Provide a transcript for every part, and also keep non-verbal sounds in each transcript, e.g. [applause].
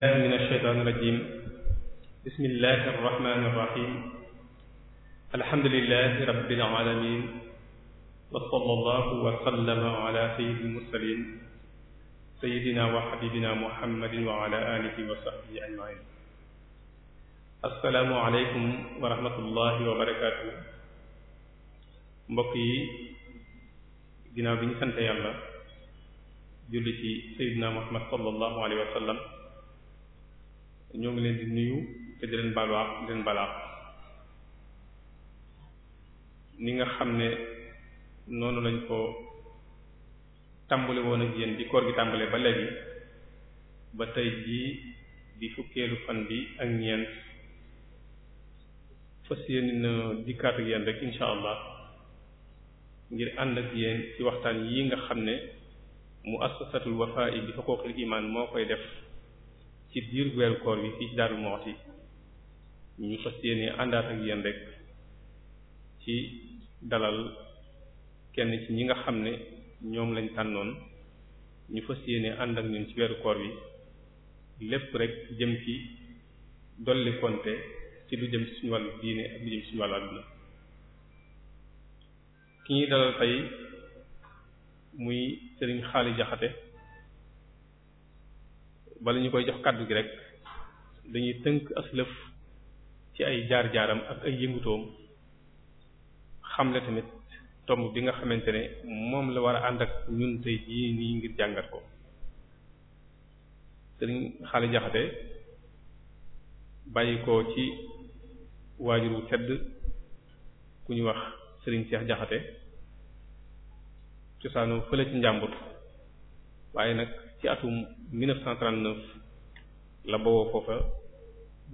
الله من الشيطان الرجيم بسم الله الرحمن الرحيم الحمد لله رب العالمين وصلى الله وسلم على سيد المرسلين سيدنا وحبيبنا محمد وعلى آله وصحبه أجمعين asalaamu aleykum wa rahmatullahi wa barakaatu mbokk yi ginnaaw bi ñu sant yàlla julli ci sayyidina muhammad sallallahu alayhi wa sallam ñoo ngi leen di nuyu te di leen balwaax di leen balaax ni nga xam ne noonu lañ ko tàmbali woon ak yéen di koor gi tàmbalee ba léegi ba tey jii di fukkeelu fan bi ak ñeent fas yéen na dikkaat ak yéen rek insha allah ngir ànd ak yéen ci waxtaan yi nga xam ne mu assasatul wafaa bi xuquuqil iman moo koy def ci diir weeru koor bi fii ci Darou Moukhty ñu fas yéene àndaat ak yéen rek ci dalal kenn ci ñi nga xam ne ñoom lañ tànnoon ñu fas yéene ànd ak ñun ci weeru koor bi lépp rek jëm ci dolli ci lu jëm ci suñu diine ak lu jëm ci suñu àdduna ki ñuy dalal tey muy Serigne Xaali Jaxate bala ñu koy jox kàddu gi rek dañuy tënk ak ci ay jaar-jaaram ak ay yëngutoom xamle tamit tomb bi nga xamante ne moom la war a ànd ak ñun tey jii nii ngir jàngat ko sëriñ xaali jaxate bàyyi ko ci waajur wu tedd ku ñu wax sëriñ seex jaxate cosaanu fële ci njàmbur waaye nag ci atum 1939 la bawoo foofa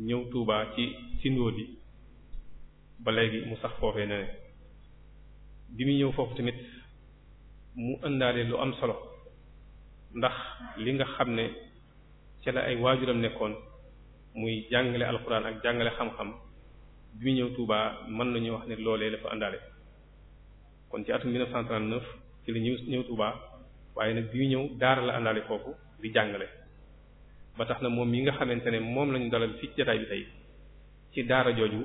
ñëw Touba ci Sindoodi ba léegi mu sax foofee ne bi mu ñëw foofu tamit mu ëndaale lu am solo ndax li nga xam ne ci la ay waajuram nekkoon muy jàngale alxuraan ak jàngale xam-xam bi mu ñëw Touba man nañu wax ne loolee dafa ëndaale kon ci atum 1939 ci la ñëw ñëw waaye nag bi ñëw daara la àndaale foofu di jàngale ba tax na moom yi nga xamante ne moom lañu dalal fii jotaay bi tey ci daara jooju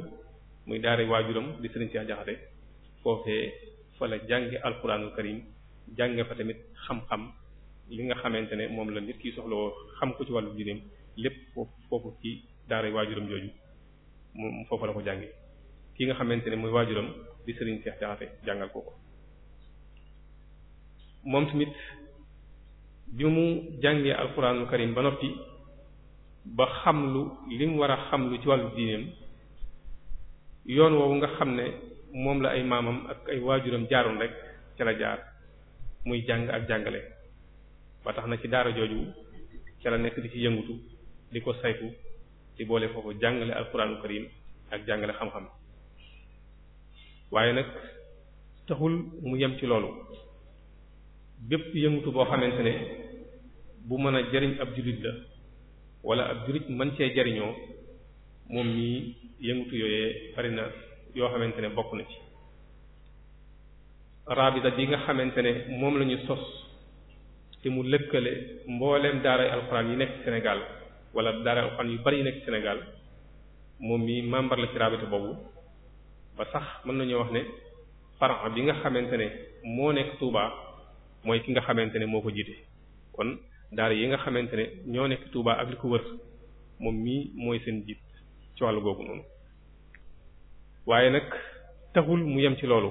muy daara waajuram di sëriñ Cheikh Jaxate foofee fa la jànge alxuraanul karim jànge fa li nga xamante ne moom la nit kiy xam ko ci wàllu diineem lépp foofu foofu ci daara waajuram jooju moom foofu la ko ki nga xamante ne muy waajuram di sëriñ Cheikh Jaxate jàngal ko moom tamit bi mu jàngee alxuraanul karim ba noppi ba xam lu li mu war a xam lu ci wàllu diineem yoon woowu nga xam ne moom la ay maamam ak ay waajuram jaaroon rek ci la jaar muy jàng ak jàngale ba tax na ci daara jooju ca la nekk di ci yëngutu di ko saytu di boole foofu jàngale alxuraanul karim ak jàngale xam-xam waaye nag taxul mu yem ci loolu bépp yëngutu boo xamante ne bu mën a jariñ ab jullit la wala ab jullit mën cee jariñoo moom mii yëngutu yooyee bari na yoo xamante ne bokk na ci rabita bi nga xamante ne moom la ñu sos te mu lëkkale mbooleem daaray alxuraan yi nekk Sénégal wala daaray alxuraan yu bari yi nekk Sénégal moom mii membre la ci rabita boobu ba sax mën nañoo wax ne faran bi nga xamante ne moo nekk Touba mooy ki nga xamante ne moo ko jiite daara yi nga xamante ne ñoo nekk Touba ak li ko wër moom mii mooy seen jiit ci wàllu googu noonu waaye nag taxul mu yem ci loolu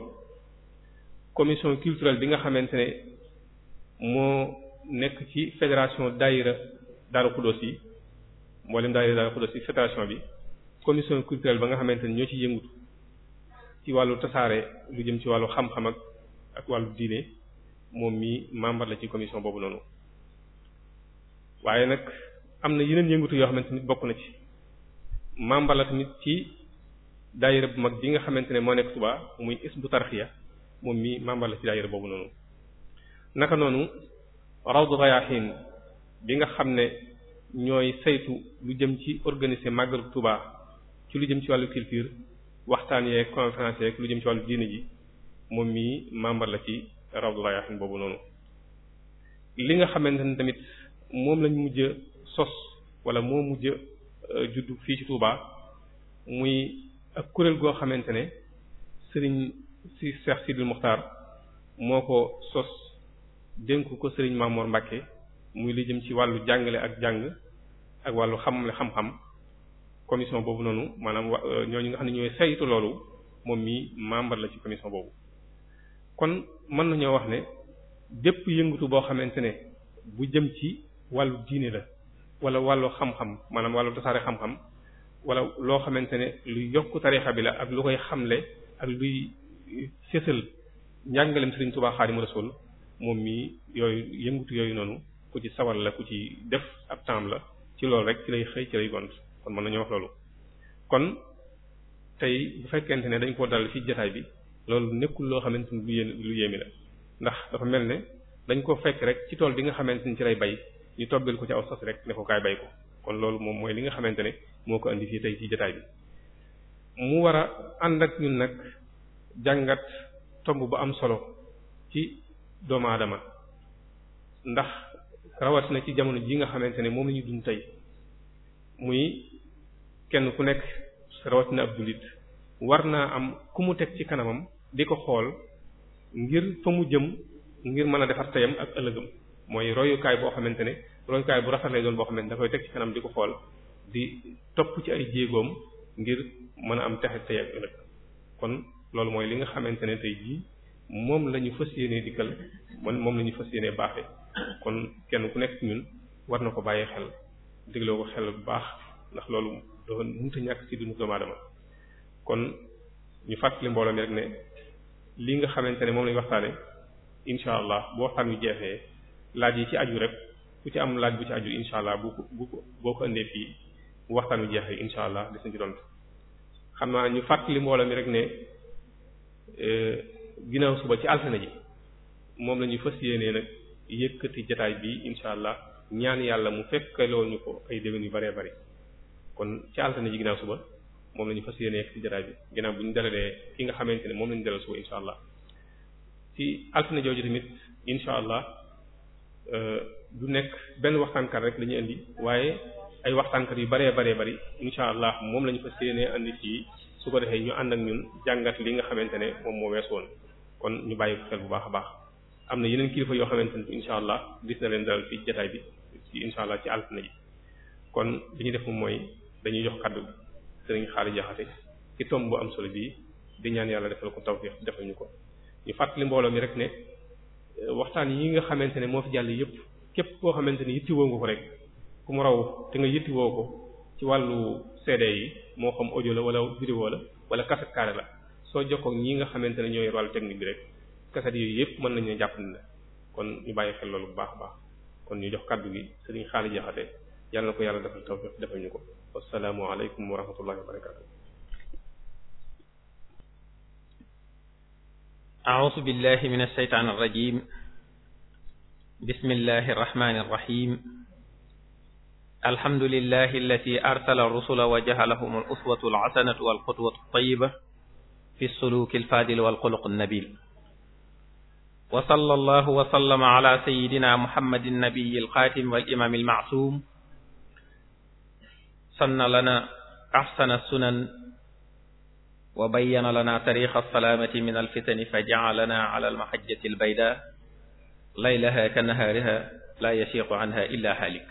commission culturelle bi nga xamante ne moo nekk ci fédération daayira Daaru Xuddoos yi mboolem daayira Daaru Xuddoos yi fédération bi commission culturelle ba nga xamante ne ñoo ci yëngutu ci wàllu tasaare lu jëm ci wàllu xam-xam ak ak wàllu diine moom mii membre la ci commission boobu noonu waaye nag am na yeneen yëngatu yoo xamante ni bokk na ci membre la tamit ci daayira bu mag bi nga xamante ne moo nekk Touba muy isbu tarxiya moom mi membre la ci daayira boobu noonu naka noonu rawdu rayahin bi nga xam ne ñooy saytu lu jëm ci organiser màggalu Touba ci lu jëm ci wàllu culture waxtaan yeeg conférence yeeg lu jëm ci wàllu diine moom mii membre la ci rawdu rayahin boobu noonu li nga xamante ne tamit moom lañu mujj a sos wala moo mujj a euh, juddu fii ci Touba muy ak kuréel goo xamante ne sëriñ si Cheikh Sidil Muxtaar moo ko sos dénku ko sëriñ Mamour Mbacke muy li jëm ci wàllu jàngale ak jàng ak wàllu la xam-xam commission boobu noonu maanaam wa euh, ñooñu nga xam ne ñooy saytu loolu moom mii membre la ci commission boobu kon mën nañoo wax ne dépp yëngatu boo xamante ne bu jëm ci wàllu diine la wala wàllu xam-xam maanaam wàllu tasaare xam-xam wala loo xamante ne lu yokk tariixa bi la ak lu koy xamle ak luy sësal njàngaleem Sëriñ Tuubaa Xaadimu sol moom mii yooyu yëngutu yooyu noonu ku ci sawar la ku ci def ab temps la ci loolu rek ci lay xëy ci lay gont kon mën nañu wax loolu kon tey bu fekkente ne dañ koo dal fi jataay bi loolu nekkul loo xamante ni lu yéeme la ndax dafa mel ne dañ koo fekk rek ci tool bi nga xamante ni ci lay bay ñu toggal ko ci aw sas rek ne ko kaay bay ko kon loolu moom mooy li nga xamante ne moo ko indi fii tey ci jotaay bi mu war a ànd ak ñun nag jàngat tomb bu am solo ci doomu aadama ndax rawatina ci jamono ji nga xamante ne moom la ñu dund tey muy kenn ku nekk rawatina ab jullit war naa am ku mu teg ci kanamam di ko xool ngir fa mu jëm ngir mën a defar teyam ak ëllëgam mooy royukaay boo xamante ne royukaay bu rafet lay doon boo xamante ne da koy teg ci kanam di ko xool di topp ci ay jéegoom ngir mën a am texe tey ak ëllëg kon loolu mooy li nga xamante ne tey jii moom la ñu fas yéenee dikkal man moom la ñu fas yéenee baaxee kon kenn ku nekk ñun war na ko bàyyi xel dégloo ko xel bu baax ndax loolu dafa mënut ñàkk ci dundu doomu aadama kon ñu fàttali mbooloo mi rek ne lii nga xamante ne moom la ñu waxtaane incha allah bu waxtaan jeexee. laaj yi ci aju rek ku ci am laaj bu ci aju incha allah bu ko boo ko indee fii bu waxtaan wi jeexee incha allah des na ci doon xam naa ñu fàttali mbooloo mi rek ne e, ginnaaw suba ci altine ji moom la ñu fas yéenee nag yëkkati jataay bi incha allah ñaan yàlla mu fekk ñu ay déwén yu bëree bëri kon ci altine ji ginnaaw suba moom la ñu yéenee yëkkati jataay bi ginnaaw bu ñu dalalee ki nga xamante ne moom la ñu dalal suba jooju tamit incha allah. Euh, du nekk benn waxtaankat rek la ñu indi waaye ay waxtaankat yu bëree bëree bari incha allah moom la ñu fas yéenee indi fii su ko defee ñu ànd ak ñun jàngat li nga xamante ne moom moo wees woon kon ñu bàyyi ko xel bu baax a baax am na yeneen kilifa yoo xamante ne incha allah gis na leen dalal fii jotaay bi ci incha allah ci na ji kon li ñu def moom mooy dañuy jox kaddu sëriñ xaari jaxate ci tomb bu am solo bii di ñaan yàlla defal ko tawfiq def ñu ko ñu mi rek ne. waxtaan yi nga xamante ne moo fi jàll yëpp képp koo xamante ne yittewoo nga ko rek ku mu raw te nga woo ko ci wàllu CD yi moo xam audio la wala vidéo la wala cassette carré la soo jokkoo ñi nga xamante ne ñooy wàllu technique bi rek cassette yooyu yëpp mën nañu jàpp ne kon ñu bàyyi xel loolu bu baax a baax kon ñu jox kaddu gi Serigne Xaali Jaxate yàlla na ko yàlla defal tawfiq defal ñu ko wasalaamu aleykum wa rahmatullahi wa barakatuh أعوذ بالله من الشيطان الرجيم بسم الله الرحمن الرحيم الحمد لله الذي أرسل الرسل وجعلهم الأسوة العسنة والقدوة الطيبة في السلوك الفاضل والخلق النبيل وصلى الله وسلم على سيدنا محمد النبي الخاتم والإمام المعصوم سن لنا أحسن السنن wa bayyana lana tariqa alsalaamati min alfitani fa ja'alana ala almahajjati albayda laylaha ka nahaariha la yasiqu anha illa haalik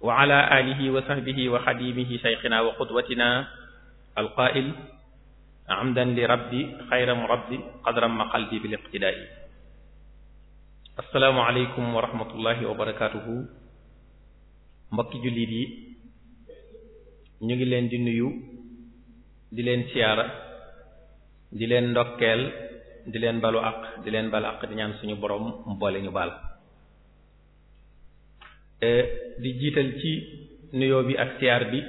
wa ala alihi wa sahbihi wa xadimihi shaykhina wa qudwatina alqaa'il amdan li rabbi xayra murabbi qadran ma qalbi bil iqtidaa'i assalaamu aleykum wa rahmatullahi wa barakaatuhu mbokki jullit yi ñu ngi leen di nuyu di leen siyaara di leen ndokkeel di leen balu di leen balu àq di ñaan suñu boroom mu boole ñu baal e, di jiital ci nuyoo bi ak siyaar bi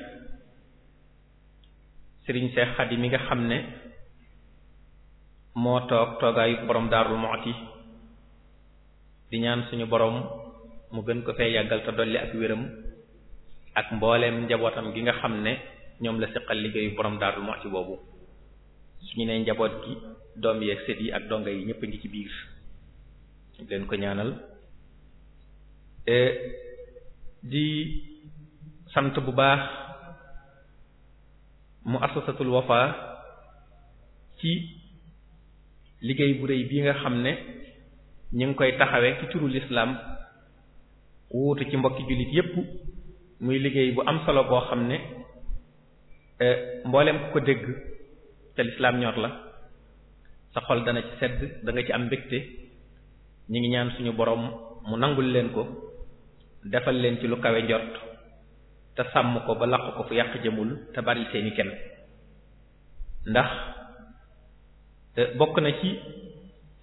Serigne Cheikh Khady mi nga xam ne moo toog toogaayu boroom Darou Moukhty di ñaan suñu boroom mu gën ko fee yàggal te dolli ak wéram ak mbooleem njabootam gi nga xam ne ñoom la seqal liggéeyu borom daarul moo ci boobu ñu ne njaboot gi doom yeeg sët yi ak donga yi ñëpp a ngi ci biir leen ko ñaanal e, di sant bu baax mu assasatul wafa ci liggéey bu réy bi nga xam ne ñu ngi koy taxawee ci turu lislaam wuutu ci mbokki jullit yépp muy liggéey bu am solo boo xam ne Eh, mboolem ko dégg te lislaam ñor la sa xol dana ci sedd danga ci am mbégte ñi ngi ñaan suñu boroom mu nangul leen ko defal leen ci lu kawe njort te sàmm ko ba laq ko fu yàq jëmul te bari seeni kenn ndax eh, bokk na ci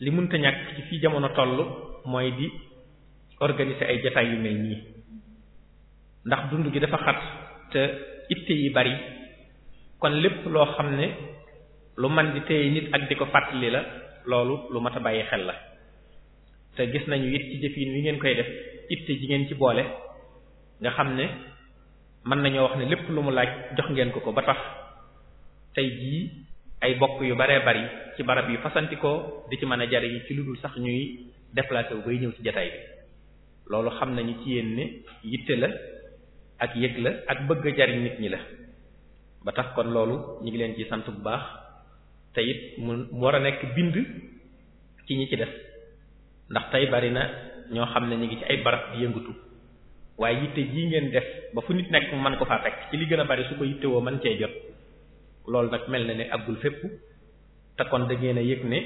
li mënta ñàkk ci fii jamono toll mooy di organiser ay jotaay yu mel nii ndax dund gi dafa xat te itte yi bari kon lépp loo xam ne lu man di téye nit ak di ko fàttali la loolu lu mat a bàyyi xel la te gis nañu it ci jëfin wi ngeen koy def itte ji ngeen ci boole nga xam ne mën nañoo wax ne lépp lu mu laaj jox ngeen ko ko ba tax tey jii ay bokk yu baree bari ci barab yu fasantikoo di ci mën a jariñ ci lu dul sax ñuy déplacé wu bay ñëw ci jataay bi loolu xam nañu ci yéen ne yitte la ak yëg la ak bëgg jariñ nit ñi la ba tax kon loolu ñu ngi leen ci sant bu baax te it mu war a nekk bind ci ñi ci des ndax tey bari na ñoo xam ne ñu ngi ci ay barab di yëngatu waaye yitte jii ngeen def ba fu nit nekk man ko faa fekk ci li gën a bari su ko yittewoo man cee jot loolu nag mel na ne àggul fépp te kon da ngeen a yëg ne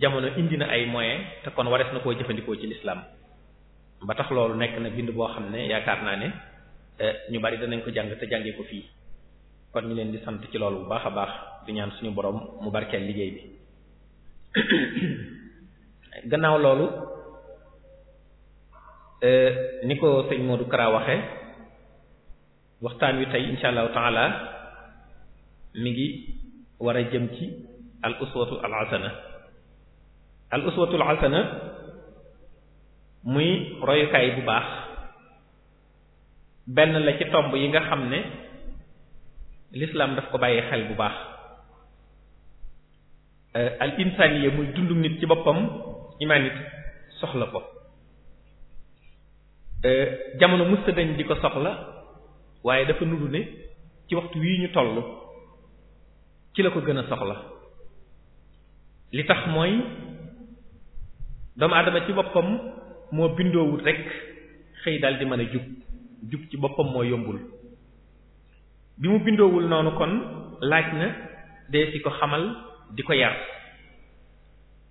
jamono indi na ay moyen te kon warees na koo jëfandikoo ci lislaam ba tax loolu nekk na bind boo xam ne yaakaar naa ne eh, ñu bari danañ ko jàng te jàngee ko fii kon ñu leen di sant ci loolu bu baax a baax di ñaan suñu borom mu barkeel liggéey bi [coughs] gannaaw loolu euh, ni ko sëñ Modou Kara waxe waxtaan wi tey insha allahu taala mi ngi war a jëm ci al uswatu al hasana al uswatu al hasana muy royukaay bu baax benn la ci tomb yi nga xam ne l'islam daf ko bàyyee xel bu baax euh, al insaniya muy dundum nit ci boppam imanit soxla ko euh, jamono musta dañ di ko soxla waaye dafa nuru ne ci waxtu wii ñu toll ki la ko gën a soxla li tax mooy doomu aadama ci boppam moo bindoowul rekk xëy daal di mën a jub jub ci boppam moo yombul bi mu bindoowul noonu kon laaj na dee ci ko xamal di ko yar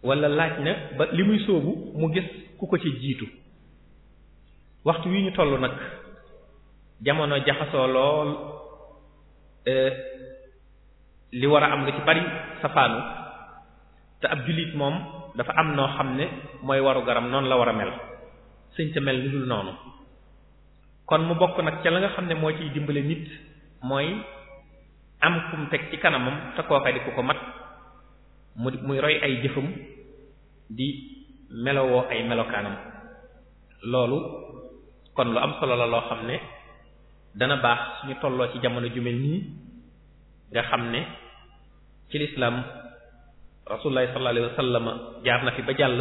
walla laaj na ba li muy sóobu mu gis ku ko ci jiitu waxtu wi ñu toll nag jamono jaxasoo lool euh, li war a am lu ci bari safaanu te ab jullit moom dafa am noo xam ne mooy waru garam noonu la war a mel sëñ te mel lu noonu kon mu bokk nag ca la nga xam ne moo ciy dimbale nit mooy am kum teg ci kanamam te kooka di ku ko mat mu muy roy ay jëfam di melowoo ay melokaanam loolu kon lu am solo la loo xam ne dana baax suñu tolloo ci jamono ju mel nii nga xam ne ci lislaam rasulullah sallallahu alayhi wasallam jaar na fi ba jàll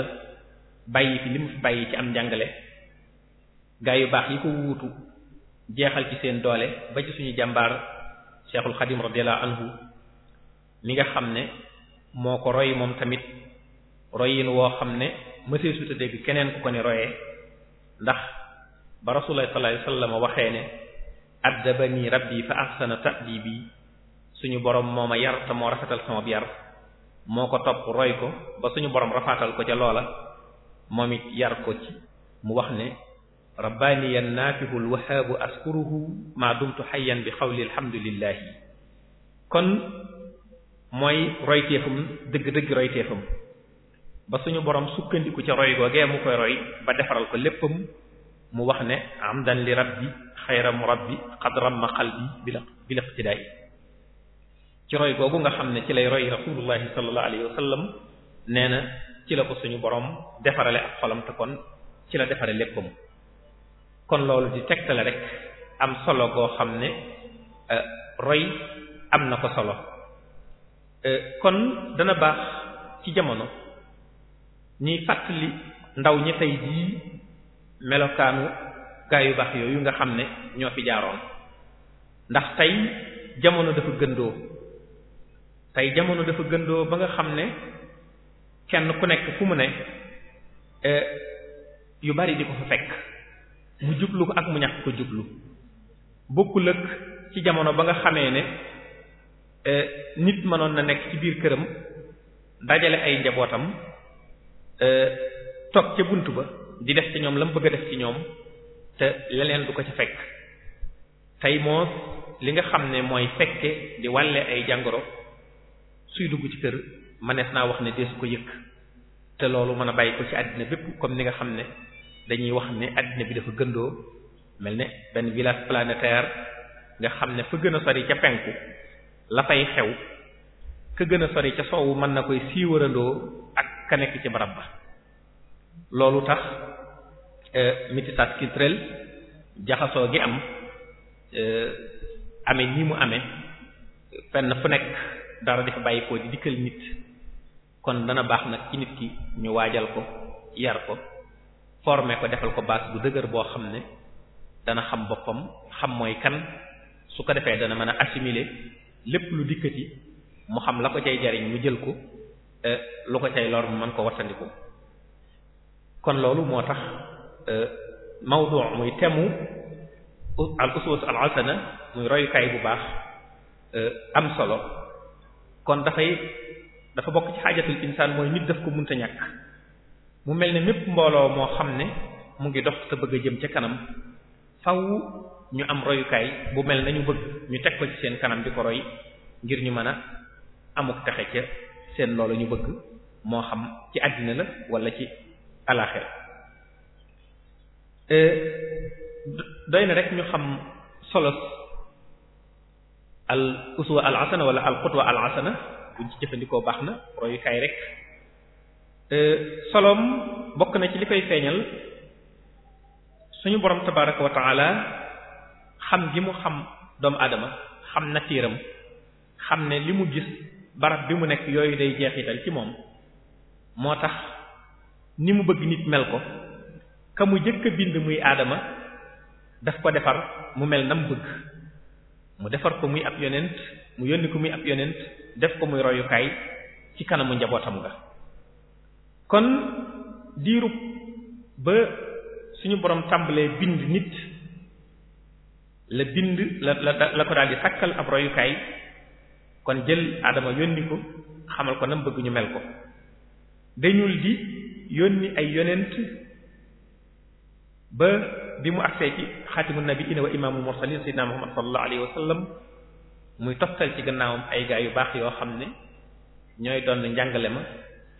bàyyi fi li mu fi bàyyi ci am njàngale gaa yu baax yi ko wuutu jeexal ci seen doole ba ci suñu jàmbaar Cheikhul Khadim radiyallahu anhu mi nga xam ne moo ko roy moom tamit royin woo xam ne mësee su dégg keneen ku ko ni royee ndax ba rasulullah sallallahu alayhi wasallam waxee ne addabani rabbi fa ahsana ta'dibi suñu borom moo ma yar te moo rafetal sama yar moo ko topp roy ko ba suñu borom rafaatal ko ca loola moom it yar ko ci mu wax ne rabbaaniyan naafihul wahaabu askuruhu maa dumtu xayyan bi xawli alhamdulillahi kon mooy royteefam dëgg-dëgg royteefam ba suñu borom sukkandiku ca roy googee mu koy roy ba defaral ko léppam mu wax ne amdan li rabbi xayra murabbi qad ramma qalbi bil bil iqtidaai ci roy googu nga xam ne ci lay roy rasulullahi sallallahu alayhi wa sallam nee na ci la ko suñu borom defarale ak xolam te kon ci la defare léppam kon loolu di tegtale rek am solo goo xam ne euh, roy am na ko solo euh, kon dana baax ci jamono ñiy fàttali ndaw ñi tey jii melokaanu gaa yu baax yooyu nga xam ne ñoo fi jaaroon ndax tey jamono dafa gëndoo tey jamono dafa gëndoo ba nga xam ne kenn ku nekk fu mu ne euh, yu bari di ko fa fekk mu jublu ko ak mu ñàkk ko jublu bokkul ak ci jamono ba nga xamee ne e, nit mënoon na nekk ci biir këram dajale ay njabootam e, toog ca bunt ba di def ci ñoom la mu bëgg a def ci ñoom te leneen du ko ci fekk tey moos li nga xam ne mooy fekke di wàlle ay jàngoro suy dugg ci kër mënees naa wax ne deesu ko yëkk te loolu mën a bàyyi ko ci àddina bépp comme ni nga xam ne dañuy wax ni àddina bi dafa gëndoo mel ne benn village planetaire nga xam ne fa gën a sori ca penku la fay xew ka gën a sori ca soowu mën na koy siiwarandoo ak ka nekk ci barab ba loolu tax euh, métissage culturel jaxasoo gi am euh, amee nii mu amee fenn fu nekk dara dafa bàyyi ko di dikkal nit kon dana baax nag ci nit ki ñu waajal ko yar ko formé ko defal ko base bu dëgër boo xam ne dana xam boppam xam mooy kan su ko defee dana mën a assimiler lépp lu dikkati mu xam la ko cay jariñ mu jël ko eh, lu ko cay lor mu mën ko wattandiku kon loolu moo tax eh, mawdu' muy temu al uswatu al hasana muy royukaay bu baax eh, am solo kon dafay dafa bokk ci xaajatul insaan mooy nit daf ko munta ñàkk mu mel ni mépp mbooloo moo xam ne mu ngi dox te bëgg a jëm ca kanam faw ñu am royukaay bu mel nañu bëgg ñu teg ko ci seen kanam di ko roy ngir ñu mën a amuk texe ca seen loolu ñu bëgg moo xam ci àddina la walla ci alaaxira euh, doy na rek ñu xam solos al uswa al asana wala al xutwa al asana buñ ci jëfandikoo baax na royukaay rek Euh, soloom bokk na ci li koy feeñal suñu borom tabaaraka wa xam gi mu xam doomu aadama xam na natiiram xam ne li mu gis barab bi mu nekk yooyu day jeexital ci moom moo tax ni mu bëgg nit mel ko ka mu jëkk bind muy aadama daf ko defar mu mel na bëgg mu defar ko muy ab yonent mu yónni ko muy ab yonent def ko muy royukaay ci kanamu njabootam nga kon diirub ba suñu boroom tàmbalee bind nit la bind la la la ko dal di takkal ab royukaay kon jël Adama yónni ko xamal ko nam bëgg ñu mel ko dañul di yónni ay yonent ba bi mu agsee ci xaatimu nabiyina wa imaamu mursalin sayyidina muhammad sallallahu alayhi wa muy toftal ci gannaawam ay gaa yu baax yoo xam ne ñooy doon njàngale ma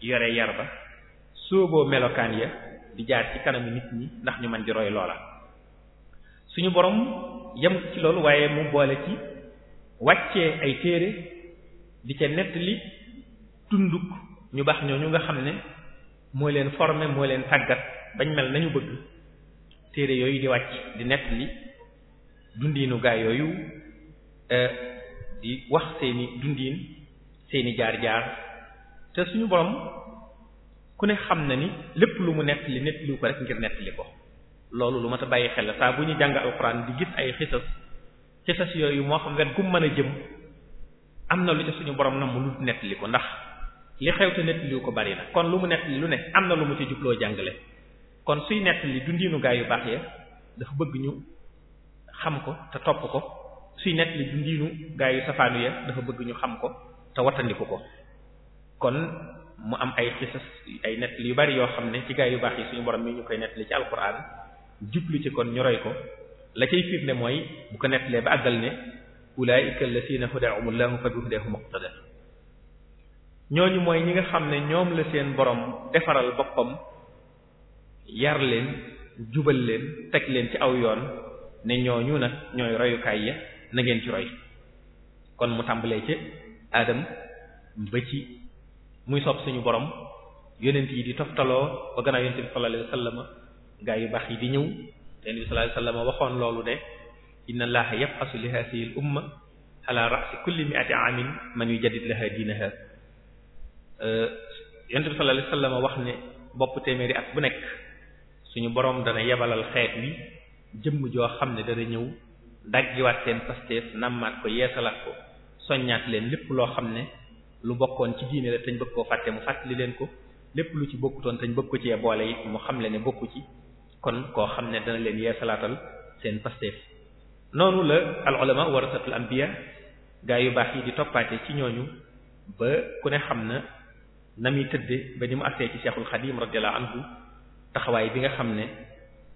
yore yar ba sóoboo melokaan ya di jaar ci kanamu nit ñi ndax ñu man di roy loola suñu boroom yem ci loolu waaye mu boole ci wàccee ay téere di ca li tunduk ñu baax ñu nga xam ne mooy leen formé moo leen tàggat bañ mel nañu bëgg téere yooyu di wàcc di nettali dundiinu gaa yooyu e, di wax seeni dundiin seeni jaar jaar te suñu borom ku ne xam na ni lépp lu mu nett li nett liw ko rek ngir nett li ko loolu lu mat a bàyyi xel la saa bu ñu jàng alxuraan di gis ay xisas xisas yooyu moo xam wet gu mën a jëm am na lu ca suñu borom na mu lu ko ndax li xew te ko bari kon lu mu nett lu ne am na lu mu ci jubloo jàngale kon suy nett li dundiinu gaa yu baax ya dafa bëgg ñu xam ko te topp ko suy nett li dundiinu gaa yu safaanu ya dafa bëgg ñu xam ko te wattandiku ko kon mu am ay xisas ay yu bari yoo xam ne ci gaay yu baax yi suñu borom mi ñu koy nettali ci alquran jublu ci kon ñu roy ko la cay firnde mooy bu ko nettalee ba àggal ne ulaa'ika allasiina hadaahumullahu fa bi hudaahum iqtada ñooñu mooy ñi nga xam ne ñoom la seen boroom defaral boppam yar leen jubal leen teg leen ci aw yoon ne ñooñu na ñooy royukaay ya na ngeen ci roy kon mu tàmbalee ci Adam ba ci muy sopp suñu borom yonent yi di toftaloo ba gannaaw yonent bi sallallahu alayhi wasallam gaa yu baax yi di ñëw yonent bi sallallahu alayhi waxoon loolu de inna allaha yab'asu li hadhihi al umma ala ra'si kulli mi'ati amin man wax ne bopp téeméeri at bu nekk suñu borom dana yebalal xeet wi jëmm joo xam ne dana ñëw daggiwaat seen pasteef nammaat ko yeesalaat ko soññaat leen lépp loo xam ne lu bokkoon ci diine la te ñu bëgg koo fàtte mu fàttali leen ko lépp lu ci bokkutoon te ñu bëgg ko cee boole it mu xam le ne bokku ci kon koo xam ne dana leen yeesalaatal seen pasteef noonu la al ulama warasatul anbiya gaa yu baax yi di toppaate ci ñooñu ba ku ne xam na na muy tëdde ba ni mu àgsee ci Cheikhul Xadim radiyallahu anhu taxawaay bi nga xam ne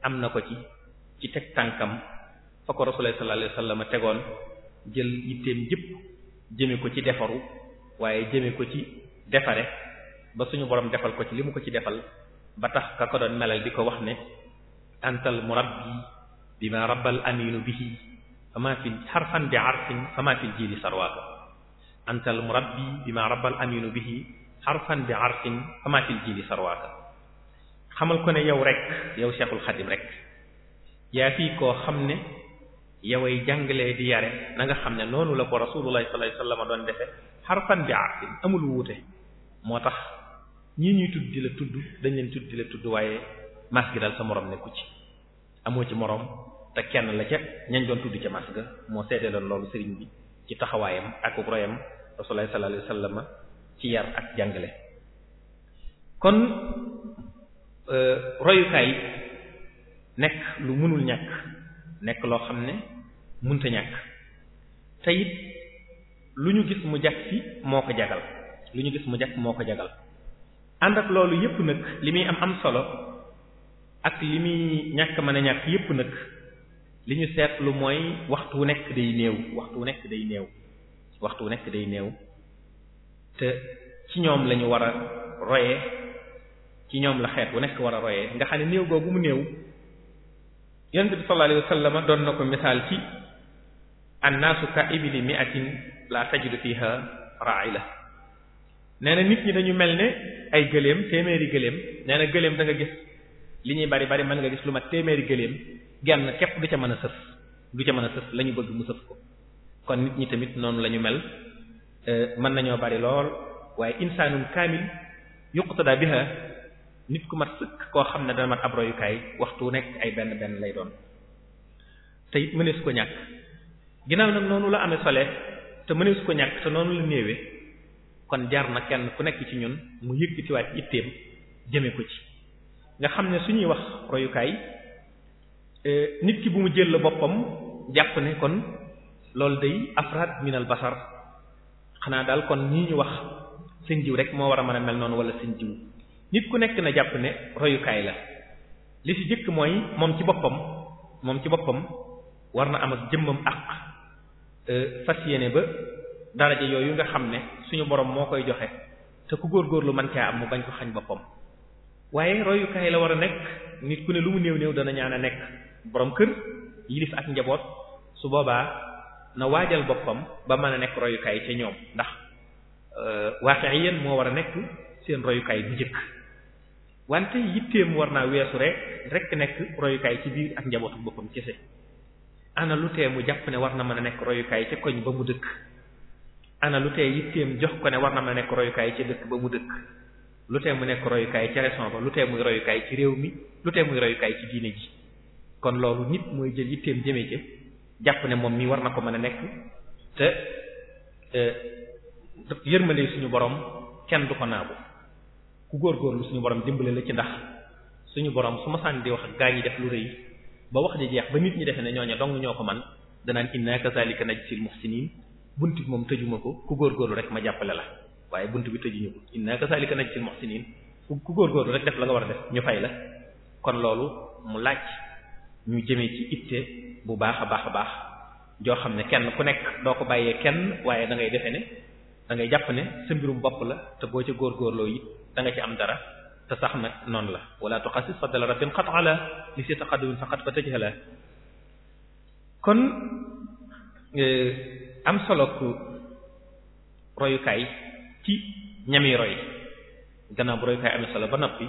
am na ko ci ci teg tànkam fa ko Rasulullah sallallahu alayhi wasallam tegoon jël yitteem jëpp jëme ko ci defaru waaye jëme ko ci defare ba suñu borom defal ko ci li mu ko ci defal ba tax ka ko doon melal di ko wax ne antal murabbi bima rabbal aminu bihi fama fi harfan bi arfin fama fi jili sarwaaka antal murabbi bima rabbal aminu bihi harfan bi arfin fama fi sarwaaka xamal ko ne yow rek yow Cheikhul Khadim rek yaa fii koo xam ne yoway jàngalee di yare na nga xam ne noonu la ko rasulullah sallallahu alayhi wasallam doon defe xarfan bi arfin amul wuute moo tax ñii ñuy tudd di la tudd dañ leen tudd di la tudd waaye mas gi dal sa moroom nekku ci amoo ci moroom te kenn la ca ñañ doon tudd ca mas ga moo seetee loon loolu sëriñ bi ci taxawaayam ak royam rasulullah sallallahu alayhi wasallam ci yar ak jàngale kon euh, royukaay nekk lu mënul ñàkk nekk loo xam ne mënta ñàkk te it lu ñu gis mu jag si moo ko jagal lu ñu gis mu jag moo ko jagal ànd ak loolu yépp nag li muy am am solo ak li muy ñàkk man a ñàkk yépp nag li ñu seetlu mooy waxtu wu nekk day néew waxtu wu nekk day néew waxtu wu day néew te ci ñoom lañu ñu war a royee ci ñoom la xeet wu nekk war a royee nga xam ne néew googu mu néew yonent bi sallallahu alayhi wasallam doon na ko misaal ci annaasu ka ibli mi'atin la tajidu fiha ra'ila nee na nit ñi dañu mel ne ay gëléem téeméeri gëléem nee na gëléem da nga gis li ñuy bari bari mën nga gis lu mat téeméeri gëléem genn képp du ca mën a sëf du ca a sëf la ñu bëgg mu sëf ko kon nit ñi tamit noonu lañu mel euh, mën nañoo bari lool waaye insaanun kaamil yuqtada biha nit ku mat sëkk koo xam ne dana mat ab royukaay waxtu nekk ay benn benn lay doon te it mënees ko ñàkk ginnaaw nag noonu la amee sole te mënees ko ñàkk te noonu la néewee kon jar na kenn ku nekk ci ñun mu tiwaat itteem jëme ko ci nga xam ne su ñuy wax royukaay e, nit ki bu mu jël boppam jàpp ne kon loolu day afraad minal basar xanaa daal kon ñii ñu wax seen jiw rek moo war a mën a mel noonu walla seen jiw nit ku nekk na jàpp ne royukaay la li ci jëkk mooy moom ci boppam moom ci boppam war na am ak jëmmam àq Euh, fas yéene ba daraja yooyu nga xam ne suñu borom moo koy joxe te ku góor góorgóorlu man caa am mu bañ ko xañ boppam waaye royukaay la war a nekk nit ku ne lu mu néew néew dana ñaan a nekk boroom kër yilif ak njaboot su boobaa na waajal boppam ba mën a nekk royukaay ca ñoom ndax euh, waaxe yéen moo war a nekk seen royukaay bu njëkk wante yitteem war naa weesu rek rek nekk royukaay ci biir ak njabootu boppam kese ana lu tee mu jàpp ne war na mën a nekk royukaay ca koñ ba mu dëkk ana lu tee yitteem jox ko ne war na mën a nekk royukaay ca dëkk ba mu dëkk lu tee mu nekk royukaay ca région ba lu tee muy royukaay ci réew mi lu tee muy royukaay ci diine ji kon loolu nit mooy jël yitteem jëmee ca jàpp ne moom mi war na ko mën a nekk te euh, yërmande suñu borom kenn du ko naagu ku góorgóorlu suñu borom dimbale la ci ndax suñu borom su ma sànni di wax gaa ñi def lu rëy ba wax di jeex ba nit ñi defe ne ñooñu dong ñoo ko man danaan inna kazalika najzil muhsinin bunt bi moom tëjuma ko ku góorgóorlu rek ma jàppale la waaye bunt bi tëjuñu ko inna kazalika si muhsinin ku góorgóorlu rek def la nga war a def ñu fay la kon loolu mu laaj ñu jëmee ci itte bu baax a baax a baax joo xam ne kenn ku nekk doo ko bàyyee kenn waaye da ngay defe ne da ngay jàpp ne sa mbirum bopp la te boo ca góorgóorloo yi da nga ci am dara te sax nag noonu la wala tuqasis fadala rabbin qat ala li si fa tajhala kon e, am solo ku royukaay ci ñami roy gannaaw bu royukaay am na solo ba noppi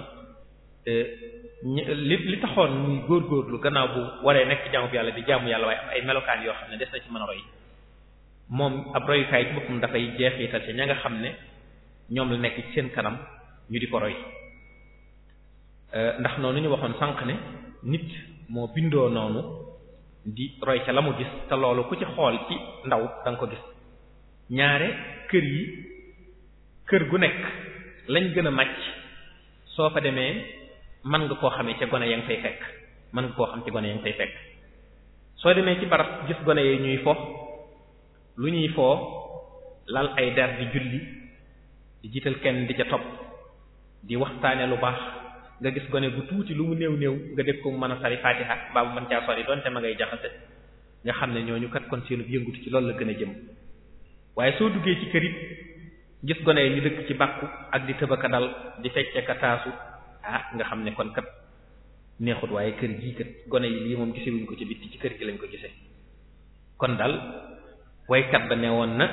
e, li li taxoon muy góorgóorlu gannaaw bu waree nekk jaamu yàlla di jàmm yàlla waaye am ay melokaan yoo xam ne des na ci mën a roy moom ab royukaay ci boppam dafay jeexital ci ña nga xam ne ñoom la nekk ci seen kanam ñu di ko roy Euh, ndax noonu ñu waxoon sànq ne nit moo bindoo noonu di roy ca la mu gis te loolu ku ci xool ci ndaw da nga ko gis ñaare kër yi kër gu nekk lañ gën a màcc soo fa demee man nga koo xamee ca gone ya nga fay fekk mën koo xam ci gone ya nga fay fekk soo demee ci barab gis gone yi ñuy fo lu ñuy foo lal ay der di julli di jiital kenn di ca topp di waxtaanee lu baax nga gis gone bu tuuti lu mu néew néew nga dégg ko man a sari faatiha baa bu mën caa sori doonte ma ngay jaxase nga xam ne ñooñu kat kon seenub yëngutu ci loolu la gën a jëm waaye soo duggee ci kër gis gone yi ci bàkku ak di tëbaka dal di fecce ka taasu ah nga xam ne kon kat neexut waaye kër gii gone yi lii moom gisewuñ ko ci bitti ci kër gi lañ ko gisee kon daal waykat ba ne woon na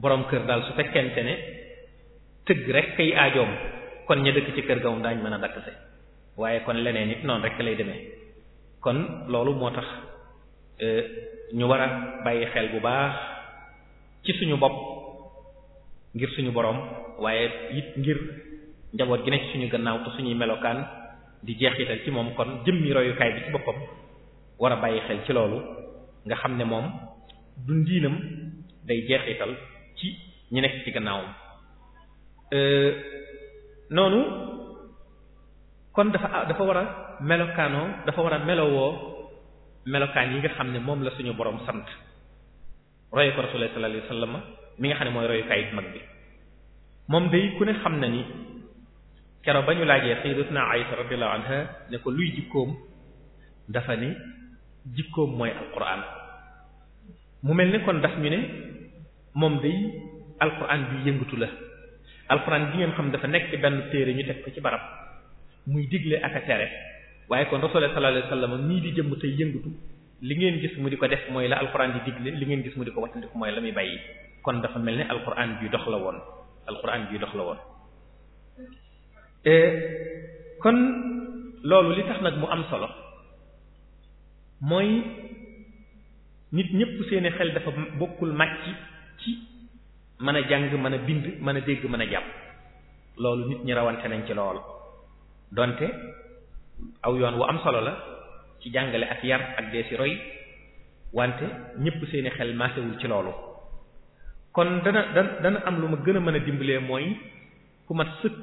boroom kër daal su fekkente ne tëgg rek kay aajoom kon ña dëkk ci kër ga moom mën a dakk waaye kon leneen it noonu rekk lay deme kon loolu moo tax e, ñu war a bàyyi xel bu baax ci suñu bopp ngir suñu boroom waaye it ngir njaboot gi ne suñu gannaaw te suñuy melokaan di jeexital ci moom kon jëmmi royukaay bi ci boppam wara a bàyyi xel ci loolu nga xam ne moom dundiinam day jeexital ci ñi nekk ci gannaawam e, noonu kon dafa ah, dafa war a melokaanoo dafa war a melowoo melokaan yi nga xam ne moom la suñu boroom sant roye ko rasulullah sallallahu mi nga xam ne mooy royukaayit mag bi moom day ku ne xam na ni kero ba ñu laajee sayyidatuna Aisha radiyallahu anha ne ko luy jikkoom dafa ni jikkoom mooy alquran mu mel ni kon daf ñu ne moom day alquran bi yëngatu la alxuraan gi ngeen xam dafa nekk benn téere ñu teg ko ci barab muy digle ak a tere waaye kon rasulullah sallallahu alayhi wasallam nii di jëmm tey yëngatu li ngeen gis mu di ko def mooy la alxuraan di digle li ngeen gis mu di ko wattandiku mooy la muy bàyyi kon dafa mel ne alxuraan bi dox la woon alxuraan bi dox la woon e, kon loolu li tax nag mu am solo mooy nit ñépp seeni xel dafa bokkul màcc ci mën a jàng man a bind mën a dégg mën a jàpp loolu nit ñi rawante nañ ci lool donte aw yoon wu am solo la ci jàngale ak yar ak dee si roy wante ñépp seeni xel maasewul ci loolu kon dana dana am lu ma gën a mën a dimbalee mooy ku mat sëkk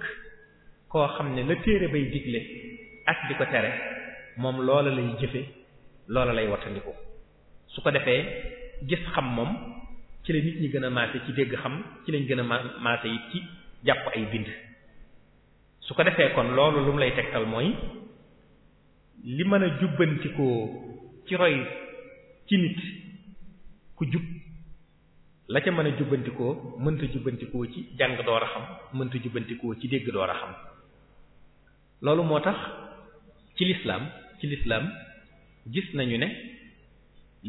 koo xam ne la téere bay digle ak di ko tere moom loola lay jëfe loola lay wattandiku su ko defee gis xam moom ci la nit ñi gën a maase ci dégg xam ci lañ gën a maase it ci jàpp ay bind su ko defee kon loolu lu mu lay tegtal mooy li mën a jubbantikoo ci roy ci nit ku jub la ca mën a jubbantikoo mënta jubbantikoo ci jàng door a xam mënta jubbantikoo ci dégg door a xam loolu moo tax ci lislaam ci lislaam gis nañu ne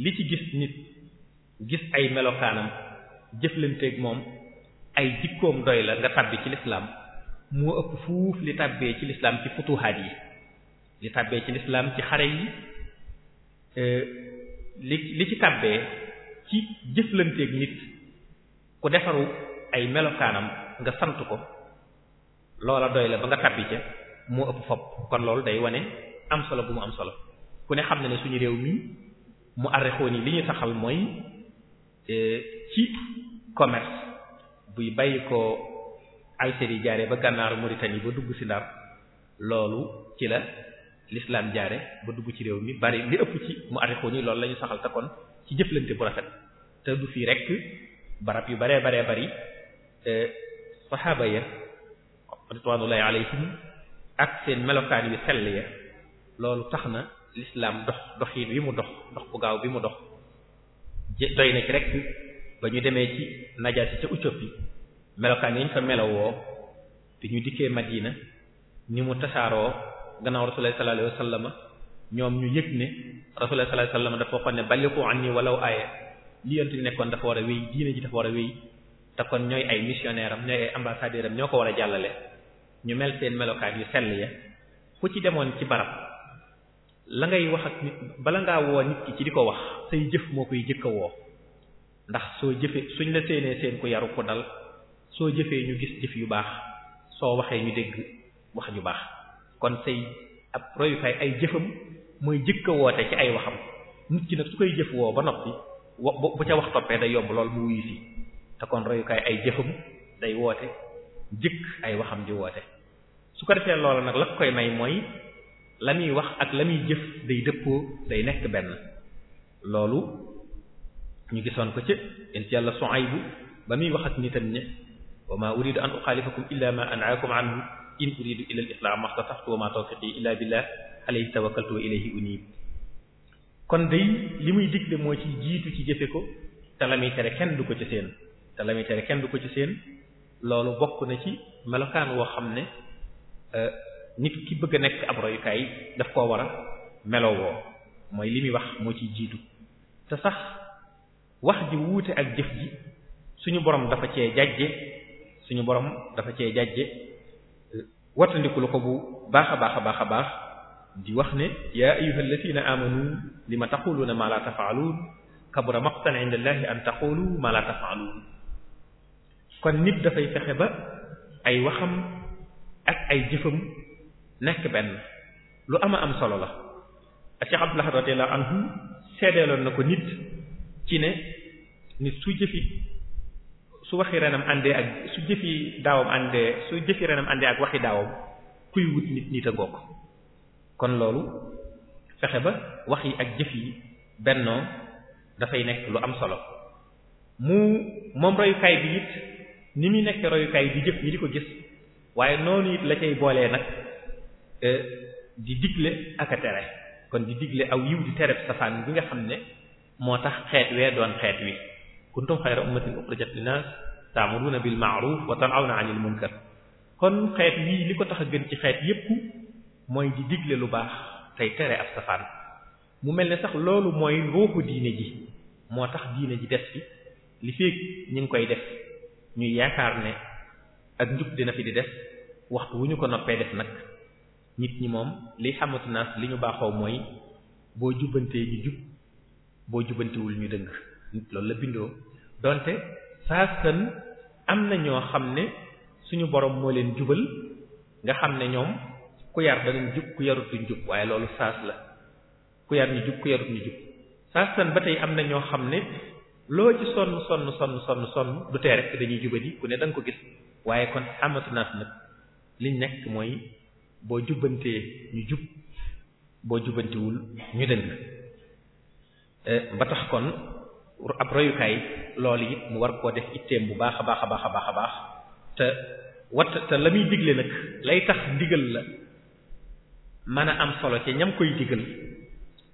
li ci gis nit gis ay melokaanam jëflanteeg moom ay jikkoom doy la nga tàbbi ci lislaam moo ëpp fuuf li tàbbee ci lislaam ci futuhaat yi li tàbbee ci lislaam ci xare yi euh, li li ci tàbbee ci jëflanteeg nit ku defaru ay melokaanam nga sant ko loola doy la ba nga tàbbi ca moo ëpp fopp kon loolu day wane am solo bu mu am solo ku ne xam na ne suñu réew mi mu arrexoon yi li ñu taxal mooy ci commerce buy bàyyi ko Algérie jaare ba gànnaaru Mauritanie ba dugg ci Ndar loolu ci la lislaam jaare ba dugg ci réew mi bari li ëpp ci mu arixoo ni loolu la ñu saxal te ci jëflante bu rafet te du fii rek barab yu baree baree bari e, saxaaba ya ridwanullahi alayhim ak seen melokaan yu sell ya loolu tax na l'islam dox doxin wi mu dox dox bu gaaw bi mu dox doy na ci rek ba ñu demee ci najaasi ca Éthiopie melokaan yi ñu fa melowoo te ñu dikkee Madina ni mu tasaaroo gannaaw Rasulullah la alayhi wasallam ñoom ñu yëg ne Rasulullah sallallahu alayhi wasallam dafa waxoon ne balliqu anni walaw aaya li yonent bi nekkoon dafa war a wéy diine ji dafa war a wéy te kon ñooy ay missionnaire am ñooy ay ambassadeur ñoo ko war a jàllale ñu mel seen melokaan yu sell ya ku ci demoon ci barab la ngay wax ak nit bala ngaa woo nit ki ci di ko wax say jëf moo koy jëkk woo ndax soo jëfee suñ la séenee seen ku yaru ku dal soo jëfee ñu gis jëf yu baax soo waxee ñu dégg wax ju baax kon say ab royukaay ay jëfam mooy jëkk a woote ci ay waxam nit ki nag su koy jëf woo ba noppi wa bu ca wax toppee day yomb lool mu wuyu te kon royukaay ay jëfam day woote jëkk ay waxam di woote su ko defee loola nag la koy may mooy la muy wax ak la muy jëf day dëppoo day nekk benn loolu ñu gisoon ko ci int yàlla Suaybu ba muy wax ak nitam ne wa ma uridu an uxaalifakum illa ma an'aakum anhu in uridu illa al-islaaha mastata'tu wa ma tawfiqi illa billah alayhi tawakkaltu wa ilayhi unib kon day li muy digle moo ci jiitu ci jëfe ko te la muy tere kenn du ko ci seen te la muy tere kenn du ko ci seen loolu bokk na ci melokaan woo xam ne euh, nit ki bëgg a nekk ab royukaay daf koo war a melowoo mooy li muy wax moo ciy jiitu te sax wax ji wuute ak jëf ji suñu borom dafa cee jàjje suñu borom dafa cee jàjje wattandiku la ko bu baax a baax a baax a baax di wax ne yaa ayyuhal ladina amanu lima taquluna ma la taf'alun kabura maqtan inda allahi an taqulu ma la taf'alun kon nit dafay fexe ba ay waxam ak ay jëfam nekk benn lu ama am solo la Cheikh Abdullah radiyallahu anhu seedeeloon na ko nit ci ne nit su jëfi su waxi renam àndee ak su jëfi daawam àndee su jëfi renam àndee ak waxi daawam kuy wut nit nit a ngokk kon loolu fexe ba wax yi ak jëf yi bennoo dafay nekk lu am solo mu moom royukaay bi it ni muy nekk royukaay di jëf ñi di ko gis waaye noonu it la cay boolee nag Euh, di digle ak a tere kon di digle aw yiw di tereb safaan bi nga xam ne moo tax xeet wee doon xeet wi kuntum xayra ummatin uxrijat linnaas ta'muruna bil ma'ruf wa tan'awna 'anil munkar kon xeet yii li ko tax a gën ci xeet yépp mooy di digle lu baax tey tere ab safaan mu mel ni sax loolu mooy ruuxu diine ji moo tax diine ji des fi li feek ñu ngi koy def ñuy yaakaar ne ak njub dina fi di def waxtu wu ñu ko noppee def nag nit ñi moom li xamatu naas li ñu baaxoo mooy boo jubbantee ñu jub boo jubbantewul ñu dëng loolu la bindoo donte saa sën am na ñoo xam ne suñu boroom moo leen jubal nga xam ne ñoom ku yar danañ jub ku yarut duñ waaye loolu saas la ku yar ñu jub ku yarut ñu jub saa sën ba tey am na ñoo xam ne loo ci sonn sonn sonn sonn sonn du tee rek dañuy yi ku ne da ko gis waaye kon xamatu naas nag liñ nekk mooy boo jubbantee ñu jub boo jubbantewul ñu dëng eh, ba tax kon ab royukaay loolu yi mu war koo def itteem bu baax a baax a baax a baax a baax te wat te la muy digle nag lay tax ndigal la mën a am solo ci ñam koy digal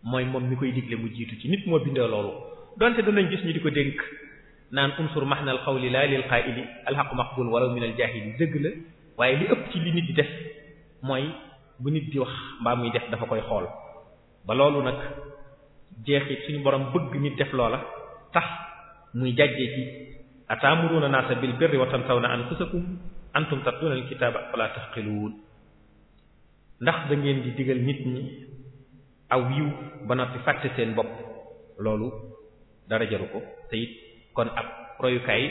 mooy moom mi koy digle mu jiitu ci nit moo bindee loolu donte danañ gis ñu di ko dénk naan unsur mahnal qawli laa lil qaa'ili alhaqu maqbul walaw minal jaahili dëgg la waaye li ëpp ci li nit di def mooy bu nit di wax mbaa muy def dafa koy xool ba loolu nag jeexit suñu borom bëgg nit def loola tax muy jàjjee ci ataamuruna naasa bil birri wa tansawna anfusakum antum tatluna al kitaaba fala taqiluun ndax da ngeen di digal nit ñi aw yiw ba noppi fàtte seen bopp loolu dara jaru ko te it kon ab royukaay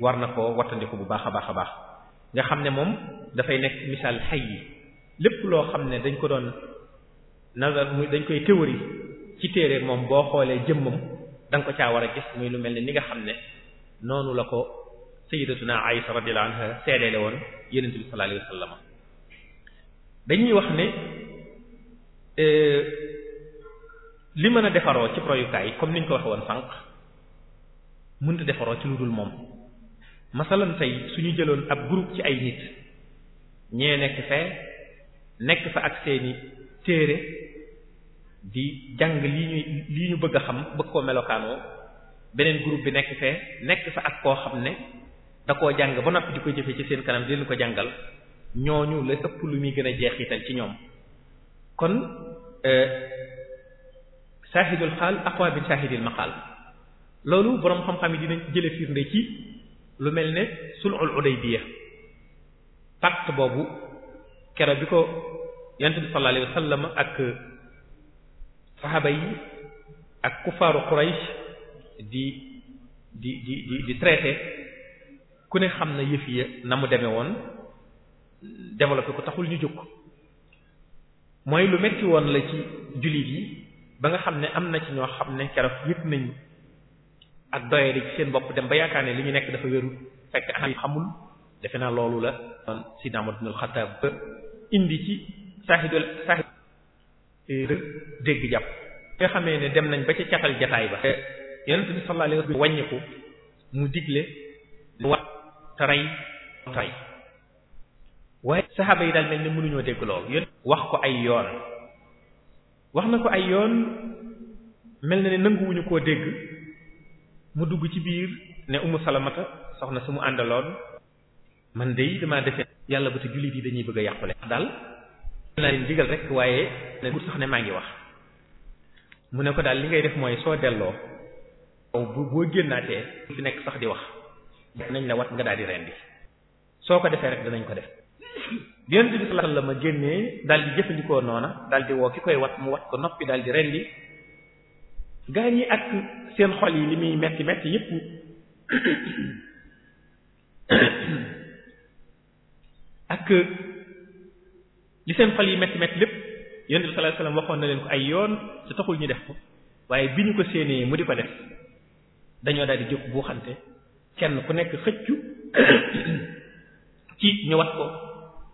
war na koo wattandiku bu baax a baax a baax nga xam ne moom dafay nekk misaal xay yi lépp loo xam ne dañ ko doon nazar muy dañ koy théorie ci téere moom boo xoolee jëmmam da ko caa war a gis muy lu mel ne ni nga xam ne noonu la ko sayyidatuna Aisha radiyallahu anha seedeele woon yonent bi sallallahu alayhi wasallam dañuy wax ne euh, li mën a defaroo ci proyukaay comme niñ ko waxee woon sànq mënta defaroo ci lu dul moom masalan tey suñu jëloon ab groupe ci ay nit ñee nekk fee nekk fa ak seeni téere di jàng lii ñuy lii ñu bëgg a xam bëgg koo melokaanoo beneen groupe bi nekk fee nekk fa ak koo xam ne da koo jàng ba noppi di ko jëfe ci seen kanam di ko jàngal ñooñu la ëpp lu muy gën a jeex jeexital ci ñoom kon euh, saahidul xaal aqwa bin saahidil maqaal loolu boroom xam-xam yi dinañ jële firnde ci lu mel ne sulhul Hudaybiya pacte boobu kero bi ko yonent bi sallallahu alayhi wasallam ak saxaaba yi ak kufaaru Quraysh di di di traité ku ne xam na yëf ya na mu demee woon développé ko taxul ñu jóg mooy lu metti woon la ci jullit yi ba nga xam ne am na ci ñoo xam ne keroog yëg nañ ak doyadi ci seen bopp dem ba yaakaar ne li ñu nekk dafa wérul fekk anam xamul defe naa loolu la si Umar ibn al-Khattab indi ci saaxidul saaxid dégg jàpp nga xamee ne dem nañ ba ca catal jataay ba yonent bi sallallahu mu digle war te waaye saxaaba yi daal mel mënuñoo dégg loolu yéen wax ko ay yoon na ko ay yoon mel na ne nanguwuñu koo dégg mu dugg ci biir ne Ummu Salamata soxna su mu àndaloon man de damaa defe yàlla ba te jullit yi dañuy bëgg a yàqule daal naa leen digal rek waaye bu sax ne maa ngi wax mu ne daal li ngay def mooy soo delloo bu boo génnaatee fi nekk sax di wax nañ la wat nga daal di rendi soo ko defee rek danañ ko def yonent bi sallallahu alayhi wasallam a génnee daal di jëfandikoo noona daal woo ki koy wat mu wat ko noppi daal di rendi gaa ñi at seen xol yi li muy metti metti yépp ak li seen xol yi metti metti lépp yenn bi sallallahu alayhi waxoon na leen ko ay yoon te toxul ñu def ko waaye bi ñu ko séenee mu di ko def dañoo daal di jóg buuxante kenn ku nekk xëccu ci ñu wat ko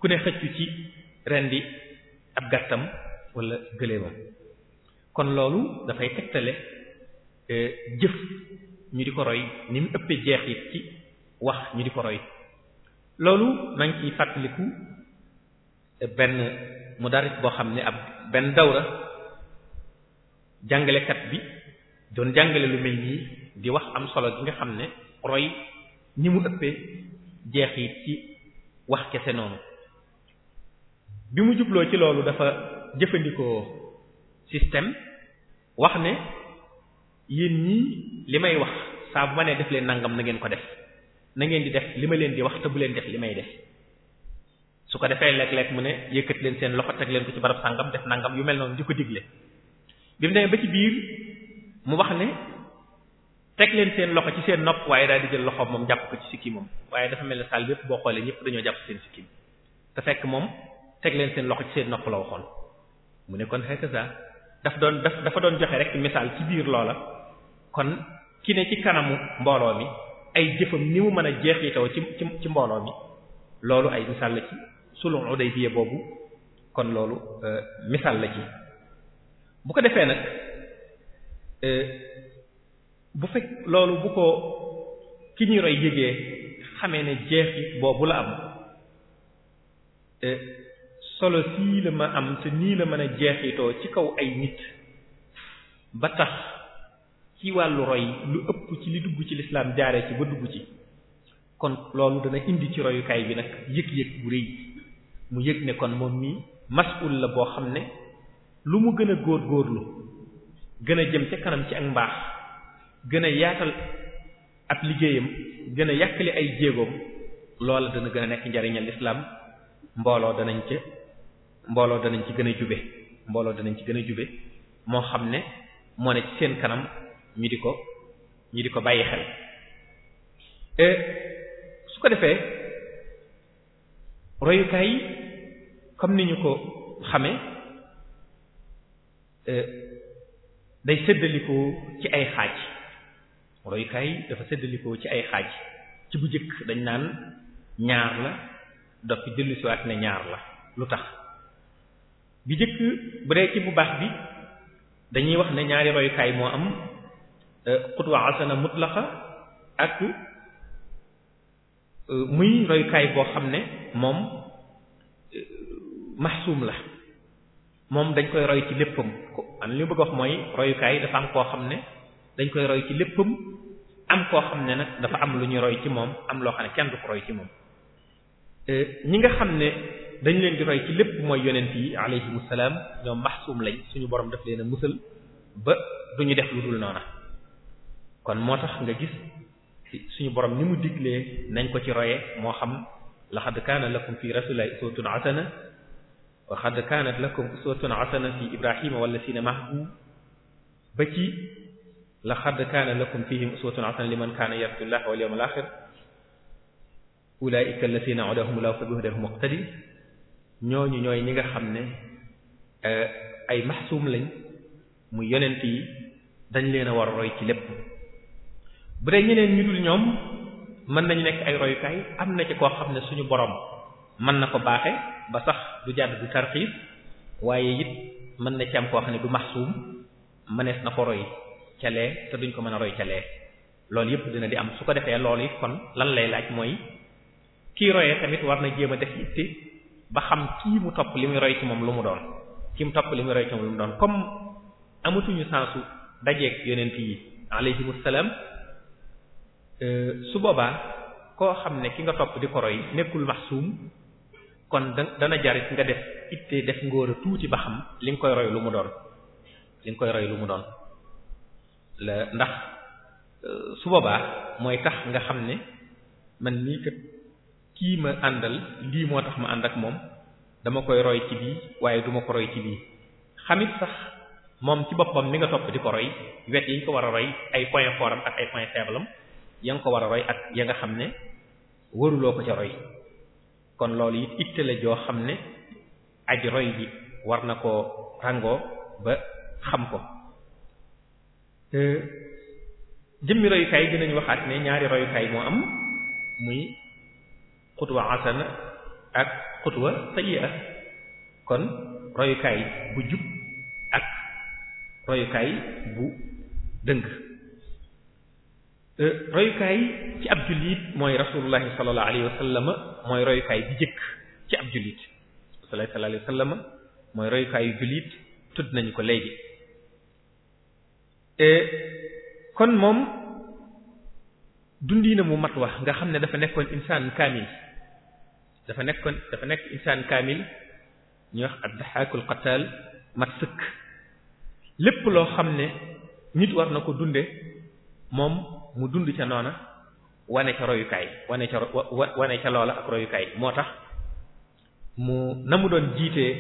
ku ne xëccu ci rendi ab gàttam walla gëléemam kon loolu dafay tegtale euh, jëf ñu di ko roy ni mu ëppee jeexit ci wax ñu di ko roy loolu maa kiy ciy fàttaliku benn mudarris boo xam ne ab benn dawra jàngalekat bi doon jàngale lu mel nii di wax am solo gi nga xam ne roy ni mu ëppee jeexit ci wax kese noonu bi mu jubloo ci loolu dafa jëfandikoo système wax ne yéen ñii li may wax saa bu ma nee def leen nangam na ngeen ko def na ngeen di def li ma leen di wax te bu leen def li may def su ko defee léeg-léeg mu ne yëkkat leen seen loxo teg leen ko ci barab sàngam def nangam yu mel noonu di ko digle bi mu demee ba ci biir mu wax ne teg leen seen loxo ci seen nopp waaye daal di jël loxo moom jàpp ko ci sikki moom waaye dafa mel ne saal bépp boo xoolee ñëpp dañoo jàpp seen sikki te fekk moom teg leen seen loxo ci seen nopp la waxoon mu ne kon xëy sa daf doon daf dafa doon joxe rek misaal ci biir loola kon ki ne ci kanamu mbooloo mi ay jëfam ni mu mën a jeexitoo ci ci ci mbooloo mi loolu ay misaal la ci sulhul Hudaybiya boobu kon loolu euh, misaal la ci ko defee nag euh, bu fekk loolu bu ko ki ñu roy xamee ne jeexit boobu la am euh, solo ma am te nii la mën a jeexitoo ci kaw ay nit ba tax ci wàllu roy lu ëpp ci li dugg ci lislaam jaaree ci ba dugg ci kon loolu dana indi ci royukaay bi nag yëg-yëg bu rëy mu yëg ne kon moom mii masul la boo xam ne lu mu gën a góor góorlu gën a jëm ca kanam ci ak mbaax gën a yaatal ab liggéeyam gën a yàkkali ay jéegoom loola dana gën a nekk njariñal lislaam mbooloo danañ ci mbooloo danañ ci gën a jube mbooloo danañ ci gën a jube moo xam ne moo ne ci seen kanam ñi di ko ñi di ko bàyyi xel su ko defee royukaay yi comme ni ñu ko xame euh, day séddalikoo ci ay xaaj royukaay yi dafa séddalikoo ci ay xaaj ci bu jëkk dañ naan ñaar la doppi dellusiwaat ne ñaar la lu tax bi jëkk bu dee ci bu baax bi dañuy wax ne ñaari royukaay moo am xutwa xasana mutlaqa ak euh, muy royukaay boo xam ne moom euh, maxsuum la moom dañ koy roy ci léppam an mooy royukaay dafa am koo xam ne dañ koy roy ci léppam am koo xam ne nag dafa am lu ñuy roy ci moom am loo xam ne kenn du ko roy ci moom euh, ñi nga xam ne dañ leen di roy ci lépp mooy yonent yi alayhimu salaam ñoom maxsuum lañ suñu borom daf leen a musal ba duñu def lu dul noona kon moo tax nga gis suñu borom ni mu digle nañ ko ci roye moo xam laqad kaana lakum fi rasulillahi uswatun hasana wa qad kaanat lakum uswatun hasana fi ibrahima wallazina ma'ahu ba ci laqad kaana lakum fihim uswatun hasana liman kaana yarjullaha wal yawmal axir ulaa'ika allazina hadahumullahu fabihudaahum ñooñu ñooy ñi nga xam ne euh, ay maxsuum lañ mu yonent yi dañ leen a war roy ci lépp bu dee ñeneen ñu dul ñoom mën nañu nekk ay royukaay am na ci koo xam ne suñu borom mën na ko baaxe ba sax du jàdd du tarxiis waaye it mën na ci am koo xam ne du maxsuum mënees na ko roy ca lee te duñ ko mën a roy ca lee loolu yëpp dina di am su ko defee lool yi kon lan lay laaj mooy kii royee tamit war na jéem a def itte ba xam kii mu topp li muy roy ci moom lu mu doon kii mu topp li muy roy ci moom lu mu doon comme amatuñu sensu dajeeg yonent yi alayhimu Euh, su boobaa koo xam ne ki nga topp di nekkul maxsuum kon dana jarit nga def ittee def ngóor a tuuti ba koy roy lu mu doon li koy roy lu mu doon la ndax euh, su boobaa mooy tax nga xam ne man nii kii ma àndal lii moo tax ma ànd ak moom dama koy roy ci bii waaye duma ko roy ci bii xamit moom ci boppam ni nga topp di ko roy wet yi ñu ko war a roy ay point fort ak ay point faible am ya nga ko war a roy ak ya nga xam ne waruloo ko ca roy kon loolu it ittale joo xam ne aji roy ji war na ko ràngoo ba xam ko jëmmi royukaay dinañu waxaat ne ñaari royukaay moo am muy xutwa hasana ak xutwa sayyi'a kon royukaay bu jub ak royukaay bu dëng Euh, royukaay ci ab jullit mooy rasulullahi sallallahu alayhi mooy royukaay bi jëkk ci ab jullit sallallahu alayhi mooy royukaayu jullit tudd nañu ko léegi euh, kon moom dundina mu mat wax nga xam ne dafa nekkoon insaan kaamil dafa nekkoon dafa nekk insaan kaamil ñu wax ad-dahaakul qataal mat sëkk lépp loo xam ne nit war na ko dunde moom mu dund ca noona wane ca royukaay wane ca wane ca loola ak royukaay moo tax mu na mu doon jiitee